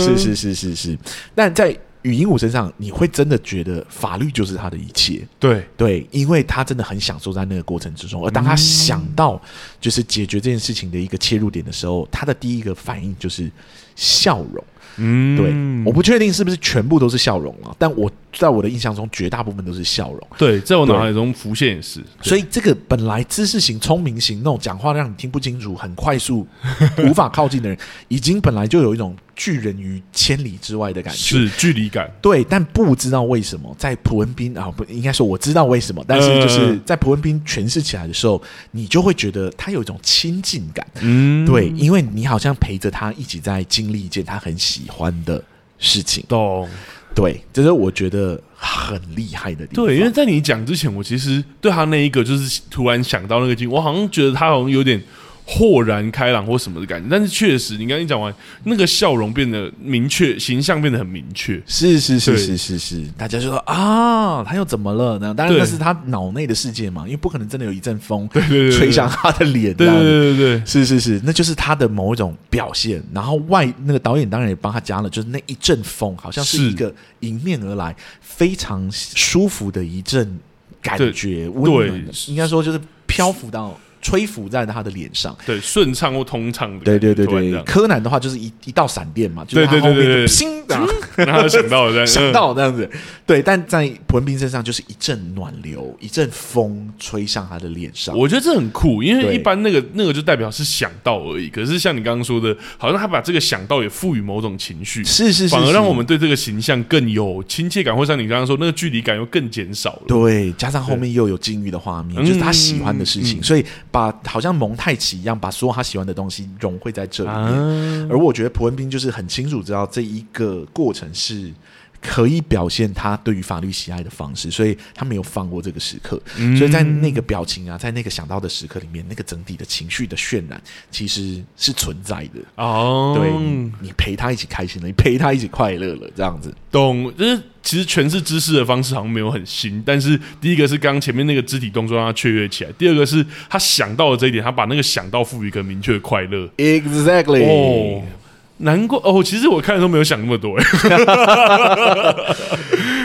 是是是是是，但在。禹英禑身上，你會真的覺得法律就是他的一切，對對，因為他真的很享受在那個過程之中。而當他想到就是解決這件事情的一個切入點的時候，他的第一個反應就是笑容。嗯，對，我不確定是不是全部都是笑容了，但我。在我的印象中，絕大部分都是笑容。對，在我腦海中浮現也是。對對所以這個本來知識型、聰明型那種講話讓你聽不清楚、很快速、無法靠近的人， <laughs> 已經本來就有一種拒人於千里之外的感覺，是距離感。對，但不知道為什麼在朴恩斌啊，不應該說我知道為什麼，但是就是在朴恩斌詮釋起來的時候，你就會覺得他有一種親近感。嗯，對，因為你好像陪着他一起在經歷一件他很喜歡的事情。懂。對，這是我覺得很厲害的地方。對，因為在你講之前，我其實對他那一個就是突然想到那個鏡，我好像覺得他好像有點。豁然開朗或什麼的感覺，但是確實，你剛剛講完那個笑容變得明確，形象變得很明確。是是是是是是，大家就說啊，他又怎麼了呢？當然那是他腦內的世界嘛，因為不可能真的有一陣風對對對對，吹向他的臉。對對對對，是是是，是，那就是他的某一種表現。然後外那個導演當然也幫他加了，就是那一陣風好像是一個迎面而來，非常舒服的一陣感覺，溫暖的，應該說就是漂浮到。吹拂在他的臉上，對，順暢或通暢的，對對對對。柯南的話就是一一道閃電嘛，對對對對，砰，然後想到，在想到這樣子，對。但在朴恩斌身上就是一陣暖流，一陣風吹向他的臉上，我覺得這很酷，因為一般那個那個就代表是想到而已。可是像你剛剛說的，好像他把這個想到也賦予某種情緒，是是，反而讓我們對這個形象更有親切感，或像你剛剛說那個距離感又更減少了。對，加上後面又有鯨魚的畫面，就是他喜歡的事情，所以把。把好像蒙太奇一樣，把所有他喜歡的東西融匯在這裡面。啊、而我覺得朴恩斌就是很清楚知道這一個過程是。可以表現他對於法律喜愛的方式，所以他沒有放過這個時刻。所以在那個表情啊，在那個想到的時刻裡面，那個整體的情緒的渲染其實是存在的。哦，對。你陪他一起開心了，你陪他一起快樂了，這樣子懂？就是其實全是知識的方式，好像沒有很新。但是第一個是剛剛前面那個肢體動作讓他雀躍起來，第二個是他想到了這一點，他把那個想到賦予一個明確的快樂。Exactly。難過哦，其實我看的時候，沒有想那麼多。 <laughs>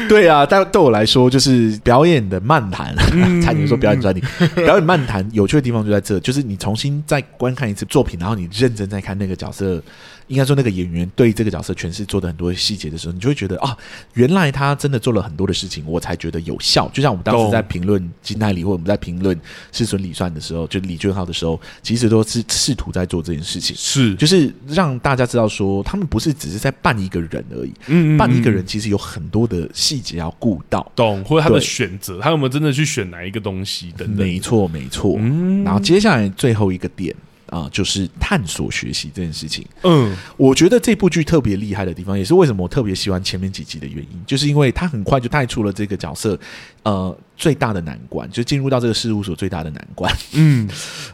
對啊，但對我來說，就是表演的漫談。才能、嗯、 <laughs> 說表演專題，嗯、 <laughs> 表演漫談有趣的地方就在這，就是你重新再觀看一次作品，然後你認真再看那個角色。應該說，那個演員對這個角色詮釋做的很多細節的時候，你就會覺得啊，原來他真的做了很多的事情，我才覺得有效。就像我們當時在評論金泰梨，懂或者我們在評論世孫李算的時候，就李俊昊的時候，其實都是試圖在做這件事情，是就是讓大家知道說，他們不是只是在扮一個人而已，嗯，嗯，嗯，扮一個人其實有很多的細節要顧到，懂，或者他的選擇，對他有沒有真的去選哪一個東西等等，沒錯沒錯，嗯，然後接下來最後一個點。啊，就是探索學習這件事情。嗯，我覺得這部劇特別厲害的地方，也是為什麼我特別喜歡前面幾集的原因，就是因為他很快就帶出了這個角色，呃，最大的難關，就進入到這個事務所最大的難關。嗯，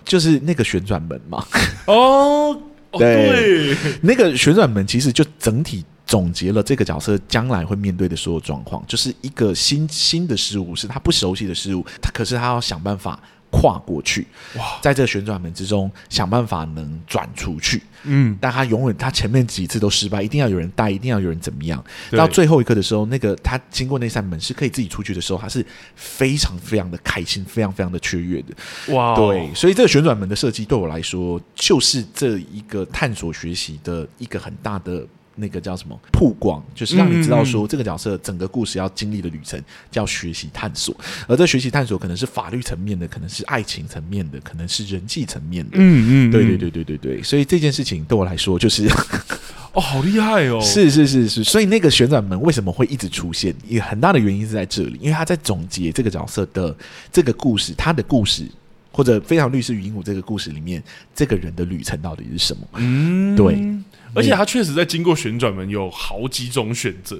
就是那個旋轉門嘛。哦， <laughs> 對，對。那個旋轉門其實就整體總結了這個角色將來會面對的所有狀況，就是一個新新的事物，是他不熟悉的事物，他可，是他要想辦法。跨過去，哇在這個旋轉門之中想辦法能轉出去。嗯，但他永遠他前面幾次都失敗，一定要有人帶，一定要有人怎麼樣。對到最後一刻的時候，那個他經過那扇門是可以自己出去的時候，他是非常非常的開心，非常非常的雀躍的。哇、哦，對，所以這個旋轉門的設計對我來說，就是這一個探索學習的一個很大的。那個叫什麼？曝光，就是讓你知道說這個角色整個故事要經歷的旅程叫學習探索，而這學習探索可能是法律層面的，可能是愛情層面的，可能是人際層面的。嗯嗯，對對對對對對，對。所以這件事情對我來說就是， <laughs> 哦，好厲害哦！是是是是。所以那個旋轉門為什麼會一直出現？也很大的原因是在這裡，因為他在總結這個角色的這個故事，他的故事或者《非常律師禹英禑》這個故事裡面，這個人的旅程到底是什麼？嗯，對。而且他確實在經過旋轉門有好幾種選擇，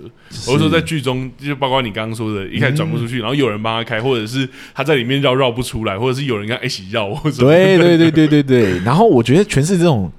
我是或者說在劇中就包括你剛剛說的，一開始轉不出去，嗯、然後有人幫他開，或者是他在裡面繞繞不出來，或者是有人跟他一起繞，欸、什麼對對對對對對。 <laughs> 然後我覺得全是這種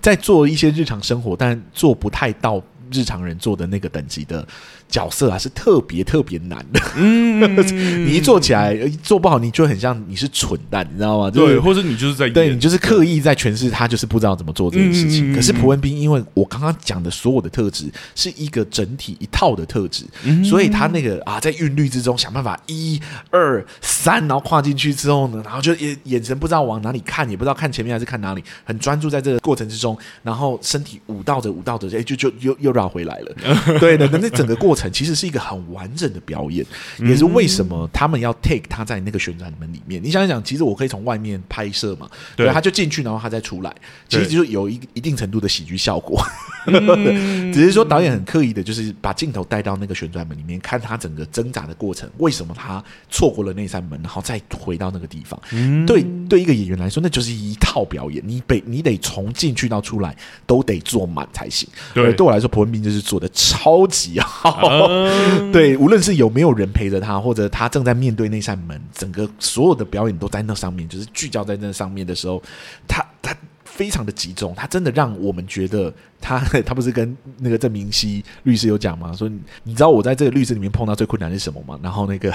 在做一些日常生活，但做不太到日常人做的那個等級的。角色啊是特別特別難的，嗯， <laughs> 你一做起來一做不好，你就很像你是蠢蛋，你知道嗎？就是、對，或者你就是在對，你就是刻意在詮釋他就是不知道怎麼做這件事情。嗯嗯、可是朴恩斌，因為我剛剛講的所有的特質是一個整體一套的特質，嗯、所以他那個啊，在韻律之中想辦法一二三，然後跨進去之後呢，然後就眼眼神不知道往哪裡看，也不知道看前面還是看哪裡，很專注在這個過程之中，然後身體舞蹈着舞蹈着，哎，就就又又繞回來了。 <laughs> 對的，可是整個過程。其實是一個很完整的表演，也是為什麼他們要 take 他在那個旋轉門裡面。你想想，其實我可以從外面拍攝嘛，對、啊，他就進去，然後他再出來，其實就有一一定程度的喜劇效果。只是說導演很刻意的，就是把鏡頭帶到那個旋轉門裡面，看他整個掙扎的過程。為什麼他錯過了那扇門，然後再回到那個地方？對，對一個演員來說，那就是一套表演。你得你得從進去到出來都得做滿才行。對，對我來說，朴恩斌就是做的超級好。 <noise> <noise> 對，無論是有沒有人陪着他，或者他正在面對那扇門，整個所有的表演都在那上面，就是聚焦在那上面的時候，他他非常的集中，他真的讓我們覺得。他他不是跟那個鄭明熙律師有講嗎？說你，你知道我在這個律師裡面碰到最困難是什麼嗎？然後那個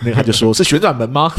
那個、他就說 <laughs> 是旋轉門嗎？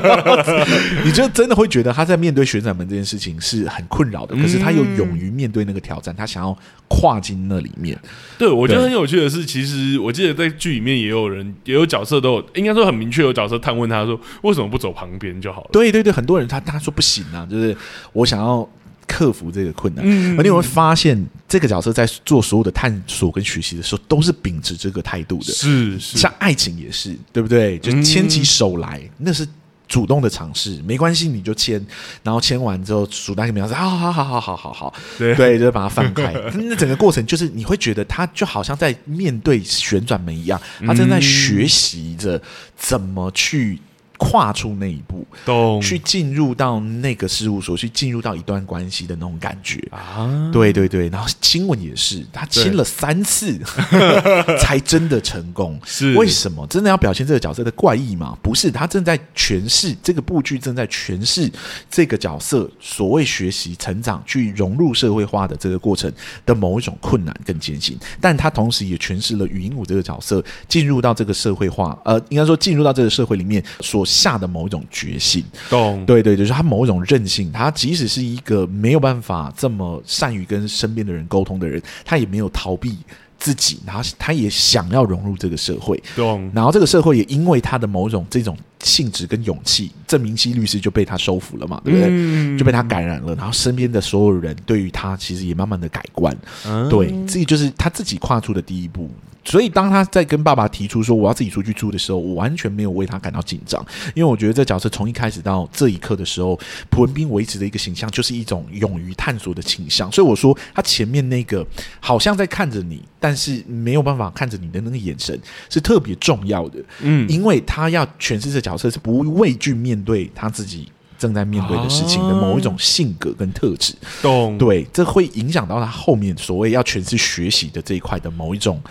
<laughs> 你就真的會覺得他在面對旋轉門這件事情是很困擾的。可是他又勇於面對那個挑戰，嗯、他想要跨進那裡面。對，我覺得很有趣的是，對其實我記得在劇裡面也有人也有角色，都有應該說很明確有角色探問他說為什麼不走旁邊就好了？對對對，很多人他他說不行啊，就是我想要。克服這個困難，嗯、而你會發現，嗯、這個角色在做所有的探索跟學習的時候，都是秉持這個態度的。是，是，像愛情也是，對不對？就牽起手來，嗯、那是主動的嘗試，沒關係，你就牽。然後牽完之後，數到一個秒數，好好好好好好好，對，就把它放開。 <laughs> 那整個過程，就是你會覺得他就好像在面對旋轉門一樣，他正在學習着怎麼去。跨出那一步，懂去進入到那個事務所，去進入到一段關係的那種感覺啊！對對對，然後親吻也是，他親了三次對 <laughs> 才真的成功。是為什麼？真的要表現這個角色的怪異嗎？不是，他正在詮釋這個部劇，正在詮釋這個角色所謂學習成長去融入社會化的這個過程的某一種困難跟艱辛。但他同時也詮釋了禹英禑這個角色進入到這個社會化，呃，應該說進入到這個社會裡面所。下的某一種決心，懂？對對，就是他某一種韌性。他即使是一個沒有辦法這麼善於跟身邊的人溝通的人，他也沒有逃避自己，然後他也想要融入這個社會，懂？然後這個社會也因為他的某種這種。性質跟勇氣，鄭明錫律師就被他收服了嘛，對不對？嗯，就被他感染了，然後身邊的所有人對於他其實也慢慢的改觀。嗯，對，自己就是他自己跨出的第一步。所以當他在跟爸爸提出說我要自己出去住的時候，我完全沒有為他感到緊張，因為我覺得這角色從一開始到這一刻的時候，朴恩斌維持的一個形象就是一種勇於探索的傾向。所以我說他前面那個好像在看着你，但是沒有辦法看着你的那個眼神是特別重要的。嗯，因為他要詮釋這角。角色是不畏懼面對他自己正在面對的事情，的某一種性格跟特質，啊，懂？對，這會影響到他後面所謂要詮釋學習的這一塊的某一種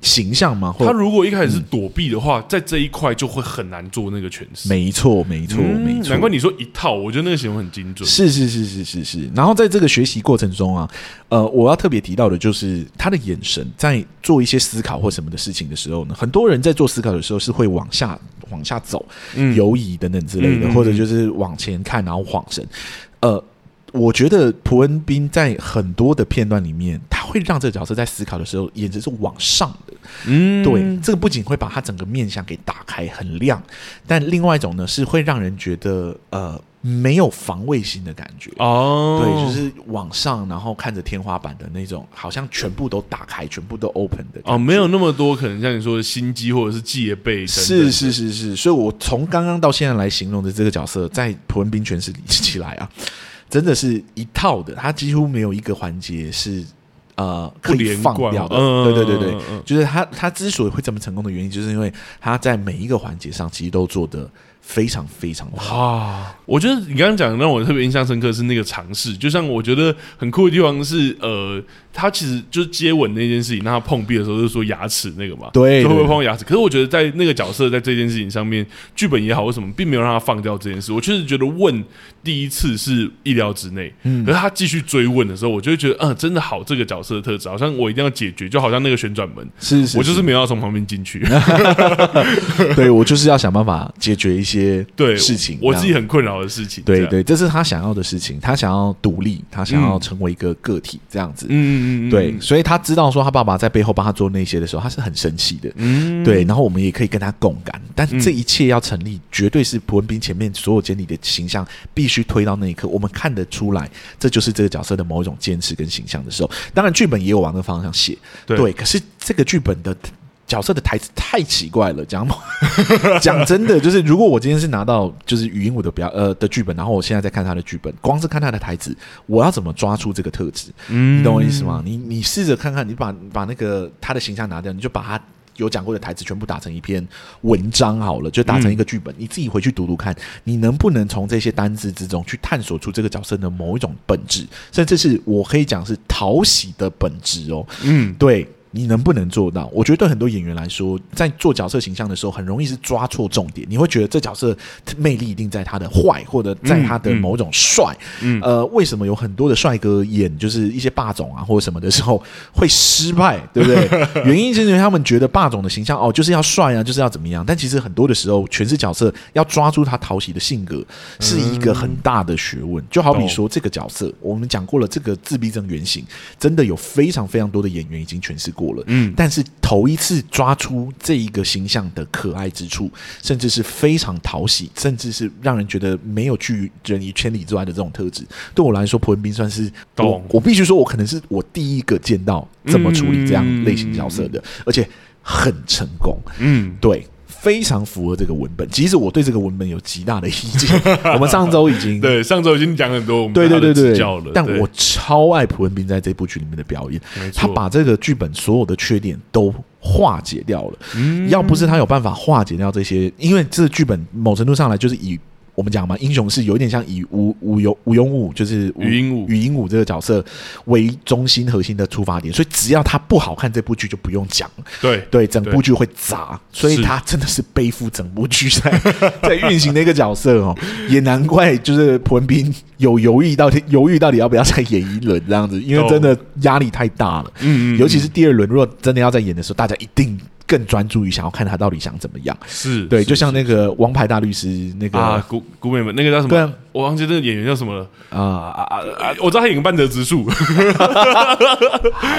形象嗎？他如果一開始是躲避的話，嗯、在這一塊就會很難做那個詮釋。沒錯，嗯、沒錯，沒錯。難怪你說一套，我覺得那個形容很精準。是是是是是是。然後在這個學習過程中啊，呃，我要特別提到的就是他的眼神，在做一些思考或什麼的事情的時候呢，很多人在做思考的時候是會往下。往下走，遊、嗯、移等等之類的，嗯、或者就是往前看，然後晃神。嗯、呃，我覺得朴恩斌在很多的片段裡面，他會讓這個角色在思考的時候，眼睛是往上的。嗯，對，這個不僅會把他整個面相給打開，很亮，但另外一種呢，是會讓人覺得呃。沒有防衛心的感覺哦、oh，對，就是往上，然後看着天花板的那種，好像全部都打開，全部都 open 的哦，oh, 沒有那麼多可能像你說的心機或者是戒備等等是，是是是是。所以，我從剛剛到現在來形容的這個角色，在朴恩斌詮釋起來啊，真的是一套的，他幾乎沒有一個環節是呃不連可以放掉的。對、嗯、對對對，就是他他之所以會這麼成功的原因，就是因為他在每一個環節上其實都做得，非常非常的好，我覺得你剛剛講的讓我特別印象深刻，是那個嘗試，就像我覺得很酷的地方是呃。他其實就是接吻那件事情，讓他碰壁的時候就是說牙齒那個嘛，對，就會不會碰到牙齒？可是我覺得在那個角色在這件事情上面，劇本也好為什麼並沒有讓他放掉這件事，我確實覺得問第一次是意料之內，嗯，可是他繼續追問的時候，我就會覺得，嗯、啊，真的好，這個角色的特質好像我一定要解決，就好像那個旋轉門，是、是、是，是。我就是沒有要從旁邊進去， <laughs> <laughs> 對我就是要想辦法解決一些對事情，對我自己很困擾的事情，對、對、對，這是他想要的事情，他想要獨立，他想要、嗯、成為一個個體這樣子，嗯。嗯，mm hmm. 對，所以他知道說他爸爸在背後幫他做那些的時候，他是很生氣的。嗯、mm，hmm. 對，然後我們也可以跟他共感，但這一切要成立，mm hmm. 絕對是朴恩斌前面所有建立的形象必須推到那一刻，我們看得出來這就是這個角色的某一種堅持跟形象的時候。當然，劇本也有往那方向寫，mm hmm. 對，可是這個劇本的。角色的台詞太奇怪了，講講真的，就是如果我今天是拿到就是禹英禑的表呃的劇本，然後我現在在看他的劇本，光是看他的台詞，我要怎麼抓出這個特質？嗯，你懂我意思嗎？你你試着看看，你把把那個他的形象拿掉，你就把他有講過的台詞全部打成一篇文章好了，就打成一個劇本，嗯，你自己回去讀讀看，你能不能從這些單詞之中去探索出這個角色的某一種本質，甚至是我可以講是討喜的本質哦。嗯，對。你能不能做到？我覺得對很多演員來說，在做角色形象的時候，很容易是抓錯重點。你會覺得這角色魅力一定在他的壞，或者在他的某種帥。嗯嗯、呃，為什麼有很多的帥哥演就是一些霸總啊，或者什麼的時候會失敗，對不對？原因就是因為他們覺得霸總的形象哦，就是要帥啊，就是要怎麼樣。但其實很多的時候，詮釋角色要抓住他討喜的性格，是一個很大的學問。就好比說這個角色，我們講過了，這個自閉症原型，真的有非常非常多的演員已經詮釋過。過了，嗯，但是頭一次抓出這一個形象的可愛之處，甚至是非常討喜，甚至是讓人覺得沒有拒人於千里之外的這種特質，對我來說，朴恩斌算是，懂我我必須說，我可能是我第一個見到怎麼處理這樣類型角色的，嗯、而且很成功，嗯，對。非常符合這個文本，即使我對這個文本有極大的意見。 <laughs> 我們上周已經對上周已經講很多我們對他的指教，對對對對，了。但我超愛朴恩斌在這部劇裡面的表演，沒錯。他把這個劇本所有的缺點都化解掉了。嗯，要不是他有辦法化解掉這些，因為這個劇本某程度上來就是以。我們講嘛，英雄是有點像以禹禹禑禹英禑就是禹英禑禑這個角色為中心核心的出發點，所以只要他不好看這部劇就不用講，對對，整部劇會砸，對所以他真的是背負整部劇在是在運行的一個角色哦， <laughs> 也難怪就是朴恩斌有猶豫到猶豫到底要不要再演一輪這樣子，因為真的壓力太大了，嗯，嗯嗯，尤其是第二輪，如果真的要再演的時候，大家一定。更專注於想要看他到底想怎麼樣，是對，就像那個《王牌大律師》那個古古美門，那個叫什麼？我忘記那個演員叫什麼了啊啊啊！我知道他演個半澤直樹。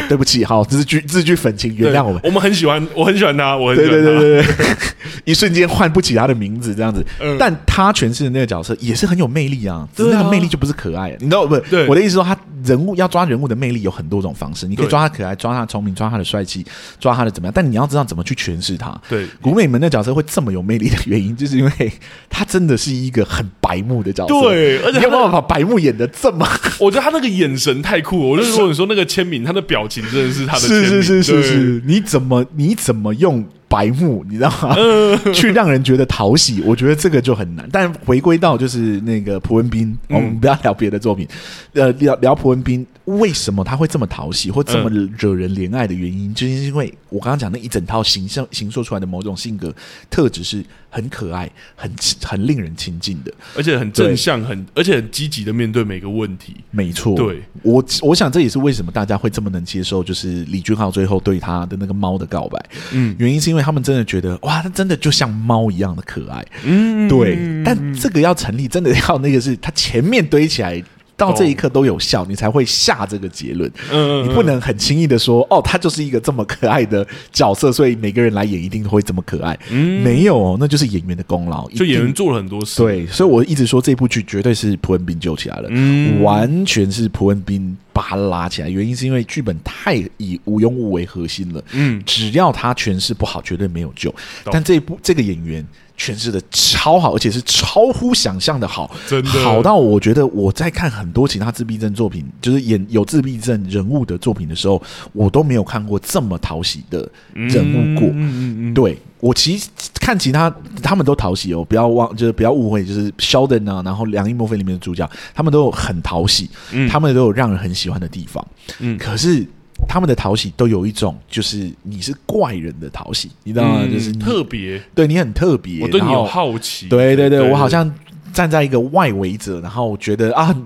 對不起，哈，這是劇，這是劇粉，請原諒我們。我們很喜歡，我很喜歡他，我很喜歡他。一瞬間喚不起他的名字，這樣子，但他詮釋的那個角色也是很有魅力啊。只是那個魅力就不是可愛，你知道不？對，我的意思說，他人物要抓人物的魅力有很多種方式，你可以抓他可愛，抓他聰明，抓他的帥氣，抓他的怎麼樣？但你要知道怎麼。去詮釋他，對古美門的角色會這麼有魅力的原因，就是因為他真的是一個很白目的角色，對，而且沒有辦法把白目演得這麼，我覺得他那個眼神太酷了。是我就是說，你說那個簽名，他的表情真的是他的，是,是是是是是，對你怎麼你怎麼用白目，你知道嗎？嗯、去讓人覺得討喜， <laughs> 我覺得這個就很難。但回歸到就是那個朴恩斌、嗯哦，我們不要聊別的作品，呃，聊聊朴恩斌。為什麼他會這麼討喜或這麼惹人憐愛的原因，嗯、就是因為我剛剛講的那一整套形象形塑出來的某種性格特質是很可愛、很很令人親近的，而且很正向、很對而且很積極的面對每個問題。沒錯錯，對，我我想這也是為什麼大家會這麼能接受，就是李俊昊最後對他的那個貓的告白。嗯，原因是因為他們真的覺得，哇，他真的就像貓一樣的可愛。嗯，對，嗯、但這個要成立，真的要那個是他前面堆起來。到這一刻都有效，你才會下這個結論。嗯，嗯，嗯、你不能很輕易的說，哦，他就是一個這麼可愛的角色，所以每個人來演一定會這麼可愛。嗯，沒有，那就是演員的功勞，就演員做了很多事。對，所以我一直說這部劇絕對是朴恩斌救起來了，嗯、完全是朴恩斌把他拉起來。原因是因為劇本太以禹英禑為核心了。嗯，只要他詮釋不好，絕對沒有救。到但這部這個演員。詮釋的超好，而且是超乎想象的好，真的好到我覺得我在看很多其他自閉症作品，就是演有自閉症人物的作品的時候，我都沒有看過這麼討喜的人物過。嗯嗯嗯、對，我其實看其他他們都討喜哦，不要忘就是不要誤會，就是肖恩啊，然後《良醫莫非》裡面的主角，他們都有很討喜，嗯、他們都有讓人很喜歡的地方。嗯，可是。他們的討喜都有一種，就是你是怪人的討喜，你知道嗎？嗯、就是你特別別，對你，特對你很特別。我對你有好奇。對對對，對對對，我好像站在一個外圍者，然後我覺得對對對啊，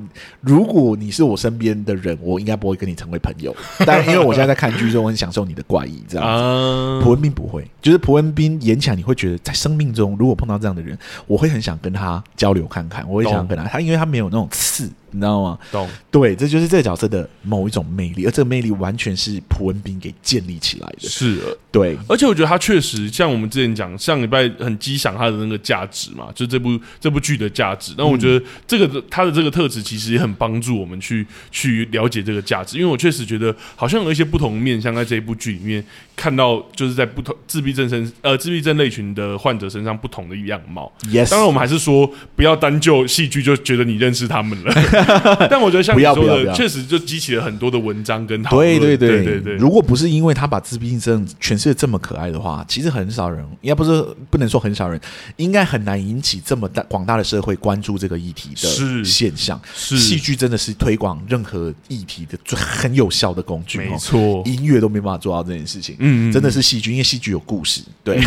如果你是我身邊的人，我應該不會跟你成為朋友。嗯、但因為我現在在看劇，我 <laughs> 很享受你的怪異，你知道嗎？朴恩斌不會，就是朴恩斌演起來，你會覺得在生命中如果碰到這樣的人，我會很想跟他交流看看，我會想跟他，懂他因為他沒有那種刺。你知道嗎？懂，Don 't. 對，這就是這個角色的某一種魅力，而這個魅力完全是朴恩斌給建立起來的。是的，對，而且我覺得他確實像我們之前講上禮拜很激賞他的那個價值嘛，就這部這部劇的價值。那我覺得這個他的這個特質其實也很幫助我們去去了解這個價值，因為我確實覺得好像有一些不同面向在這一部劇裡面。看到就是在不同自閉症身呃自閉症類群的患者身上不同的樣貌。Yes，當然我們還是說不要單就戲劇就覺得你認識他們了。 <laughs> 但我覺得像你說的，確實就激起了很多的文章跟討論。對對對對對，如果不是因為他把自閉症詮釋的這麼可愛的話，其實很少人，應該不是不能說很少人，應該很難引起這麼大廣大的社會關注這個議題的現象。戲劇真的是推廣任何議題的最很有效的工具，沒錯，音樂都沒辦法做到這件事情。嗯，真的是戲劇，因為戲劇有故事，對，而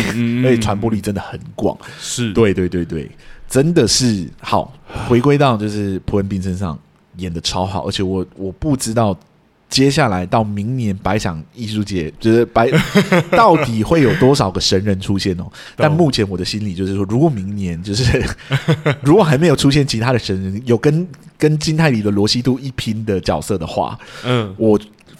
且傳播力真的很廣。是，對，對，對，對，真的是好。回歸到就是朴恩斌身上演的超好，而且我我不知道接下來到明年百想藝術節，就是百到底會有多少個神人出現哦。 <laughs> 但目前我的心裡就是說，如果明年就是如果還沒有出現其他的神人，有跟跟金泰梨的羅希度一拼的角色的話，嗯，我。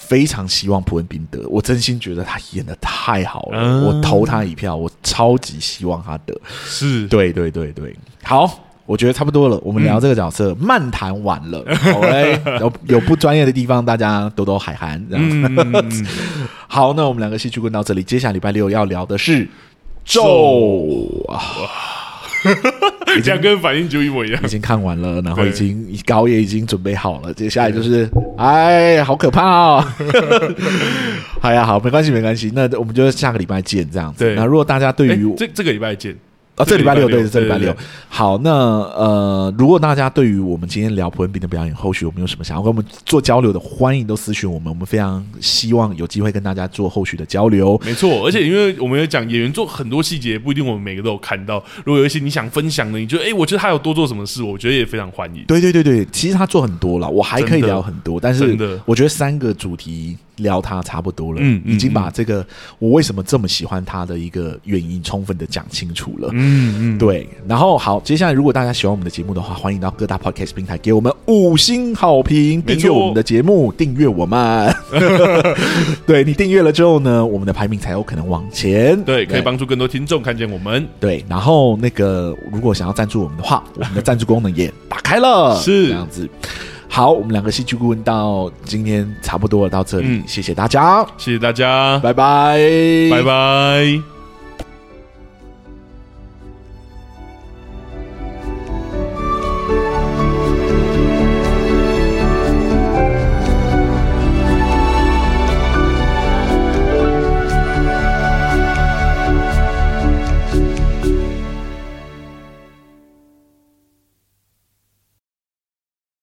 非常希望朴恩斌得，我真心覺得他演的太好了，啊、我投他一票，我超級希望他得，是對對對對，好，我覺得差不多了，我們聊這個角色、嗯、漫談完了，OK， <laughs> 有有不專業的地方，大家多多海涵，這樣，嗯、 <laughs> 好，那我們兩個戲劇顧問到這裡，接下來禮拜六要聊的是咒周啊。 <laughs> 你這樣跟反應就一模一樣。已經看完了，然後已經稿對 也已經準備好了，接下來就是，哎對，好可怕哦， <laughs> <laughs> 好呀，好，沒關係，沒關係。那我們就下個禮拜見，這樣子。對。那如果大家對於我、欸、這這個禮拜見。哦，這禮拜六，對，這禮拜六。對對對。好，那呃，如果大家對於我們今天聊朴恩斌的表演，後續我們有什麼想要跟我們做交流的，歡迎都私訊我們，我們非常希望有機會跟大家做後續的交流。沒錯，而且因為我們有講演員做很多細節，不一定我們每個都有看到。如果有一些你想分享的，你覺得誒我覺得他有多做什麼事，我覺得也非常歡迎。對對對對，其實他做很多了，我還可以聊很多，的但是我覺得三個主題。聊他差不多了，嗯，嗯已經把這個我為什麼這麼喜歡他的一個原因充分的講清楚了，嗯嗯，嗯對。然後好，接下來如果大家喜歡我們的節目的話，歡迎到各大 Podcast 平台給我們五星好評，訂閱我們的節目，訂閱沒錯。我們。 <laughs> <laughs> 對你訂閱了之後呢，我們的排名才有可能往前，對，對可以幫助更多聽眾看見我們。對，然後那個如果想要贊助我們的話，我們的贊助功能也打開了， <laughs> 是這樣子。好，我們兩個戲劇顧問到今天差不多了到這裡。嗯、謝謝大家，謝謝大家，拜拜 bye，拜拜。